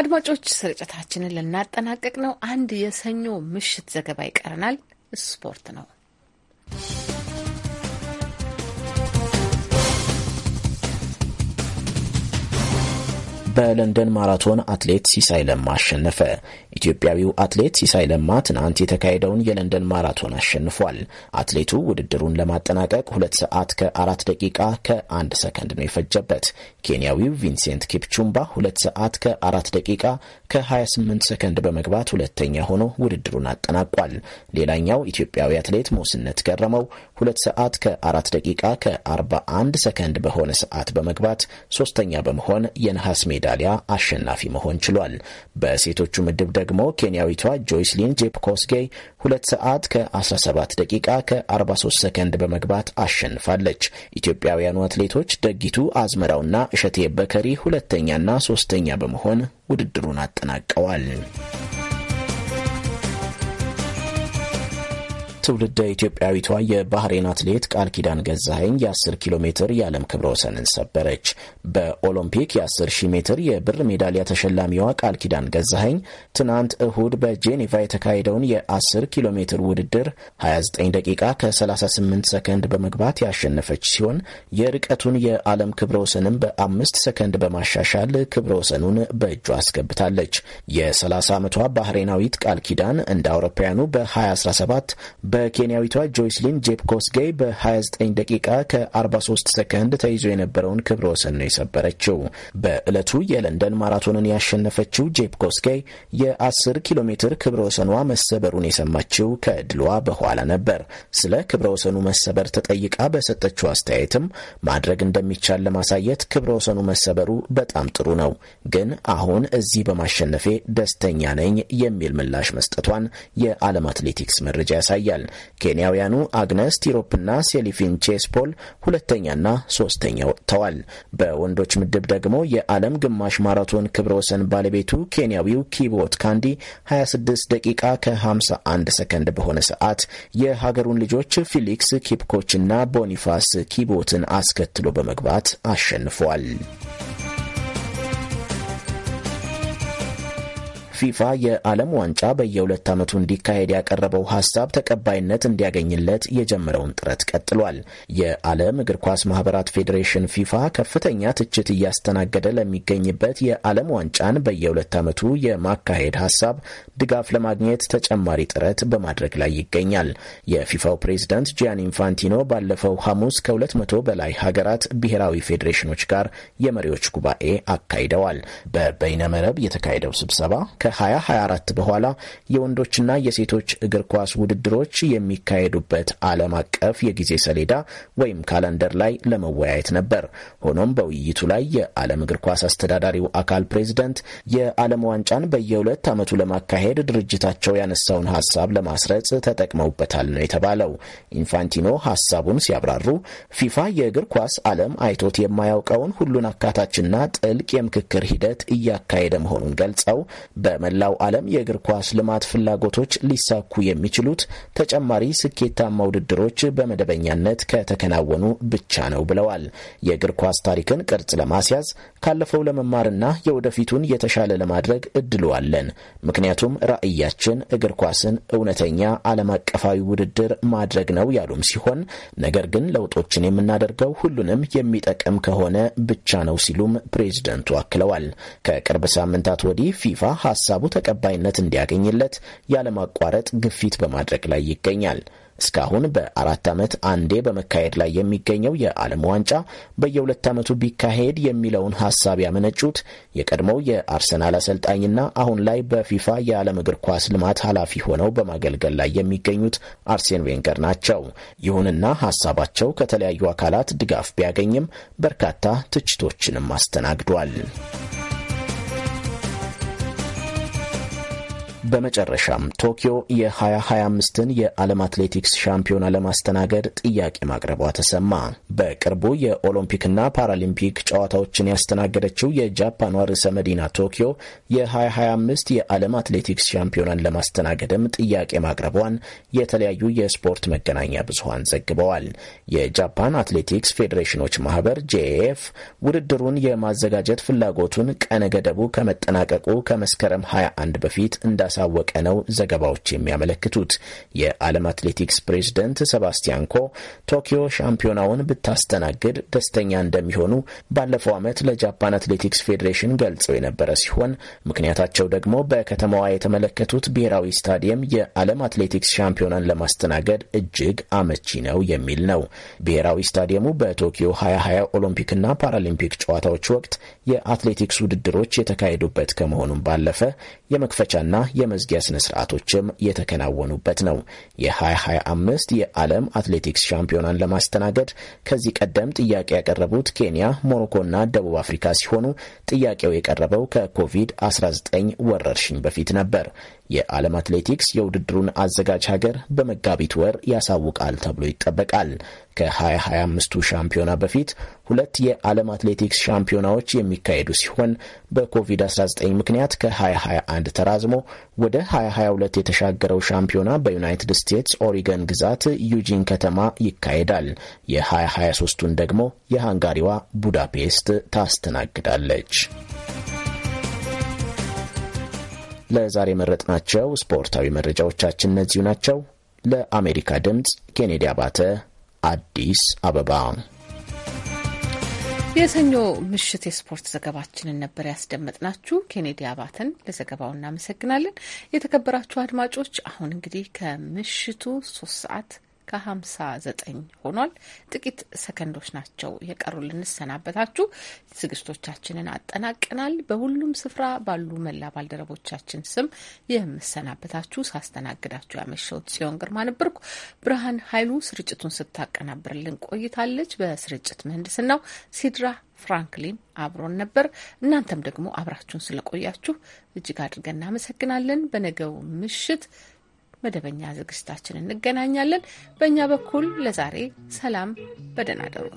አድማጮች፣ ስርጭታችንን ልናጠናቀቅ ነው። አንድ የሰኞ ምሽት ዘገባ ይቀረናል። ስፖርት ነው። በለንደን ማራቶን አትሌት ሲሳይ ለማ አሸነፈ። ኢትዮጵያዊው አትሌት ሲሳይ ለማ ትናንት የተካሄደውን የለንደን ማራቶን አሸንፏል። አትሌቱ ውድድሩን ለማጠናቀቅ ሁለት ሰዓት ከአራት ደቂቃ ከአንድ ሰከንድ ነው የፈጀበት። ኬንያዊው ቪንሴንት ኪፕቹምባ ሁለት ሰዓት ከአራት ደቂቃ ከ28 ሰከንድ በመግባት ሁለተኛ ሆኖ ውድድሩን አጠናቋል። ሌላኛው ኢትዮጵያዊ አትሌት ሞስነት ገረመው ሁለት ሰዓት ከአራት ደቂቃ ከ41 ሰከንድ በሆነ ሰዓት በመግባት ሶስተኛ በመሆን የነሐስ ሜዳሊያ አሸናፊ መሆን ችሏል። በሴቶቹ ምድብ ደግሞ ኬንያዊቷ ጆይስሊን ጄፕ ኮስጌይ ሁለት ሰዓት ከ17 ደቂቃ ከ43 ሰከንድ በመግባት አሸንፋለች። ኢትዮጵያውያኑ አትሌቶች ደጊቱ አዝመራውና እሸቴ በከሪ ሁለተኛና ሶስተኛ በመሆን ውድድሩን አጠናቀዋል። ትውልደ ኢትዮጵያዊቷ የባህሬን አትሌት ቃል ኪዳን ገዛኸኝ የ10 ኪሎ ሜትር የዓለም ክብረ ወሰንን ሰበረች። በኦሎምፒክ የ10 ሺህ ሜትር የብር ሜዳሊያ ተሸላሚዋ ቃል ኪዳን ገዛኸኝ ትናንት እሁድ በጄኔቫ የተካሄደውን የ10 ኪሎ ሜትር ውድድር 29 ደቂቃ ከ38 ሰከንድ በመግባት ያሸነፈች ሲሆን የርቀቱን የዓለም ክብረ ወሰንን በአምስት ሰከንድ በማሻሻል ክብረ ወሰኑን በእጇ አስገብታለች። የ30 ዓመቷ ባህሬናዊት ቃል ኪዳን እንደ አውሮፓውያኑ በ2017 በኬንያዊቷ ጆይስሊን ጌይ በ29 ደቂቃ ከ43 ሰከንድ ተይዞ የነበረውን ክብረ ወሰን ነው የሰበረችው። በዕለቱ የለንደን ማራቶንን ያሸነፈችው ጌይ የ10 ኪሎ ሜትር ክብረ ወሰኗ መሰበሩን የሰማችው ከድሏ በኋላ ነበር። ስለ ክብረ ወሰኑ መሰበር ተጠይቃ በሰጠችው አስተያየትም ማድረግ እንደሚቻል ለማሳየት ክብረ ወሰኑ መሰበሩ በጣም ጥሩ ነው፣ ግን አሁን እዚህ በማሸነፌ ደስተኛ ነኝ የሚል ምላሽ መስጠቷን የዓለም አትሌቲክስ መረጃ ያሳያል። ተገኝተዋል። ኬንያውያኑ አግነስ ቲሮፕና ሴሊፊን ቼስፖል ሁለተኛና ሶስተኛ ወጥተዋል። በወንዶች ምድብ ደግሞ የዓለም ግማሽ ማራቶን ክብረ ወሰን ባለቤቱ ኬንያዊው ኪቦት ካንዲ 26 ደቂቃ ከ51 ሰከንድ በሆነ ሰዓት የሀገሩን ልጆች ፊሊክስ ኪፕኮችና ቦኒፋስ ኪቦትን አስከትሎ በመግባት አሸንፏል። ፊፋ የዓለም ዋንጫ በየሁለት ዓመቱ እንዲካሄድ ያቀረበው ሀሳብ ተቀባይነት እንዲያገኝለት የጀመረውን ጥረት ቀጥሏል። የዓለም እግር ኳስ ማህበራት ፌዴሬሽን ፊፋ ከፍተኛ ትችት እያስተናገደ ለሚገኝበት የዓለም ዋንጫን በየሁለት ዓመቱ የማካሄድ ሀሳብ ድጋፍ ለማግኘት ተጨማሪ ጥረት በማድረግ ላይ ይገኛል። የፊፋው ፕሬዝዳንት ጂያን ኢንፋንቲኖ ባለፈው ሐሙስ ከሁለት መቶ በላይ ሀገራት ብሔራዊ ፌዴሬሽኖች ጋር የመሪዎች ጉባኤ አካሂደዋል። በበይነመረብ የተካሄደው ስብሰባ ከ ከ2024 በኋላ የወንዶችና የሴቶች እግር ኳስ ውድድሮች የሚካሄዱበት ዓለም አቀፍ የጊዜ ሰሌዳ ወይም ካለንደር ላይ ለመወያየት ነበር። ሆኖም በውይይቱ ላይ የዓለም እግር ኳስ አስተዳዳሪው አካል ፕሬዝደንት የዓለም ዋንጫን በየሁለት ዓመቱ ለማካሄድ ድርጅታቸው ያነሳውን ሀሳብ ለማስረጽ ተጠቅመውበታል ነው የተባለው። ኢንፋንቲኖ ሀሳቡን ሲያብራሩ ፊፋ የእግር ኳስ ዓለም አይቶት የማያውቀውን ሁሉን አካታችና ጥልቅ የምክክር ሂደት እያካሄደ መሆኑን ገልጸው በ በመላው ዓለም የእግር ኳስ ልማት ፍላጎቶች ሊሳኩ የሚችሉት ተጨማሪ ስኬታማ ውድድሮች በመደበኛነት ከተከናወኑ ብቻ ነው ብለዋል። የእግር ኳስ ታሪክን ቅርጽ ለማስያዝ ካለፈው ለመማርና የወደፊቱን የተሻለ ለማድረግ እድሉ አለን። ምክንያቱም ራዕያችን እግር ኳስን እውነተኛ ዓለም አቀፋዊ ውድድር ማድረግ ነው ያሉም ሲሆን ነገር ግን ለውጦችን የምናደርገው ሁሉንም የሚጠቅም ከሆነ ብቻ ነው ሲሉም ፕሬዚደንቱ አክለዋል። ከቅርብ ሳምንታት ወዲህ ፊፋ ሀሳቡ ተቀባይነት እንዲያገኝለት ያለማቋረጥ ግፊት በማድረግ ላይ ይገኛል። እስካሁን በአራት ዓመት አንዴ በመካሄድ ላይ የሚገኘው የዓለም ዋንጫ በየሁለት ዓመቱ ቢካሄድ የሚለውን ሀሳብ ያመነጩት የቀድሞው የአርሰናል አሰልጣኝና አሁን ላይ በፊፋ የዓለም እግር ኳስ ልማት ኃላፊ ሆነው በማገልገል ላይ የሚገኙት አርሴን ቬንገር ናቸው። ይሁንና ሀሳባቸው ከተለያዩ አካላት ድጋፍ ቢያገኝም በርካታ ትችቶችንም አስተናግዷል። በመጨረሻም ቶኪዮ የ2025ን የዓለም አትሌቲክስ ሻምፒዮና ለማስተናገድ ጥያቄ ማቅረቧ ተሰማ። በቅርቡ የኦሎምፒክና ፓራሊምፒክ ጨዋታዎችን ያስተናገደችው የጃፓኗ ርዕሰ መዲና ቶኪዮ የ2025 የዓለም አትሌቲክስ ሻምፒዮናን ለማስተናገድም ጥያቄ ማቅረቧን የተለያዩ የስፖርት መገናኛ ብዙኃን ዘግበዋል። የጃፓን አትሌቲክስ ፌዴሬሽኖች ማህበር ጄኤፍ ውድድሩን የማዘጋጀት ፍላጎቱን ቀነ ገደቡ ከመጠናቀቁ ከመስከረም 21 በፊት እንዳ እንዳሳወቀ ነው ዘገባዎች የሚያመለክቱት። የዓለም አትሌቲክስ ፕሬዝደንት ሰባስቲያን ኮ ቶኪዮ ሻምፒዮናውን ብታስተናግድ ደስተኛ እንደሚሆኑ ባለፈው ዓመት ለጃፓን አትሌቲክስ ፌዴሬሽን ገልጸው የነበረ ሲሆን ምክንያታቸው ደግሞ በከተማዋ የተመለከቱት ብሔራዊ ስታዲየም የዓለም አትሌቲክስ ሻምፒዮናን ለማስተናገድ እጅግ አመቺ ነው የሚል ነው። ብሔራዊ ስታዲየሙ በቶኪዮ 2020 ኦሎምፒክና ፓራሊምፒክ ጨዋታዎች ወቅት የአትሌቲክስ ውድድሮች የተካሄዱበት ከመሆኑም ባለፈ የመክፈቻና የመዝጊያ ስነ ስርዓቶችም የተከናወኑበት ነው። የ2025 የዓለም አትሌቲክስ ሻምፒዮናን ለማስተናገድ ከዚህ ቀደም ጥያቄ ያቀረቡት ኬንያ፣ ሞሮኮና ደቡብ አፍሪካ ሲሆኑ ጥያቄው የቀረበው ከኮቪድ-19 ወረርሽኝ በፊት ነበር። የዓለም አትሌቲክስ የውድድሩን አዘጋጅ ሀገር በመጋቢት ወር ያሳውቃል ተብሎ ይጠበቃል። ከ2025ቱ ሻምፒዮና በፊት ሁለት የዓለም አትሌቲክስ ሻምፒዮናዎች የሚካሄዱ ሲሆን በኮቪድ-19 ምክንያት ከ2021 ተራዝሞ ወደ 2022 የተሻገረው ሻምፒዮና በዩናይትድ ስቴትስ ኦሪገን ግዛት ዩጂን ከተማ ይካሄዳል። የ2023ቱን ደግሞ የሃንጋሪዋ ቡዳፔስት ታስተናግዳለች። ለዛሬ የመረጥናቸው ስፖርታዊ መረጃዎቻችን እነዚሁ ናቸው። ለአሜሪካ ድምፅ ኬኔዲ አባተ አዲስ አበባ። የሰኞ ምሽት የስፖርት ዘገባችንን ነበር ያስደመጥናችሁ። ኬኔዲ አባተን ለዘገባው እናመሰግናለን። የተከበራችሁ አድማጮች አሁን እንግዲህ ከምሽቱ ሶስት ሰዓት ከ59 ሆኗል። ጥቂት ሰከንዶች ናቸው የቀሩ። ልንሰናበታችሁ ዝግጅቶቻችንን አጠናቅናል። በሁሉም ስፍራ ባሉ መላ ባልደረቦቻችን ስም የምሰናበታችሁ ሳስተናግዳችሁ ያመሸሁት ሲዮን ግርማ ነበርኩ። ብርሃን ኃይሉ ስርጭቱን ስታቀናብርልን ቆይታለች። በስርጭት ምህንድስናው ሲድራ ፍራንክሊን አብሮን ነበር። እናንተም ደግሞ አብራችሁን ስለቆያችሁ እጅግ አድርገን እናመሰግናለን። በነገው ምሽት መደበኛ ዝግጅታችን እንገናኛለን። በእኛ በኩል ለዛሬ ሰላም፣ በደህና ደሩ።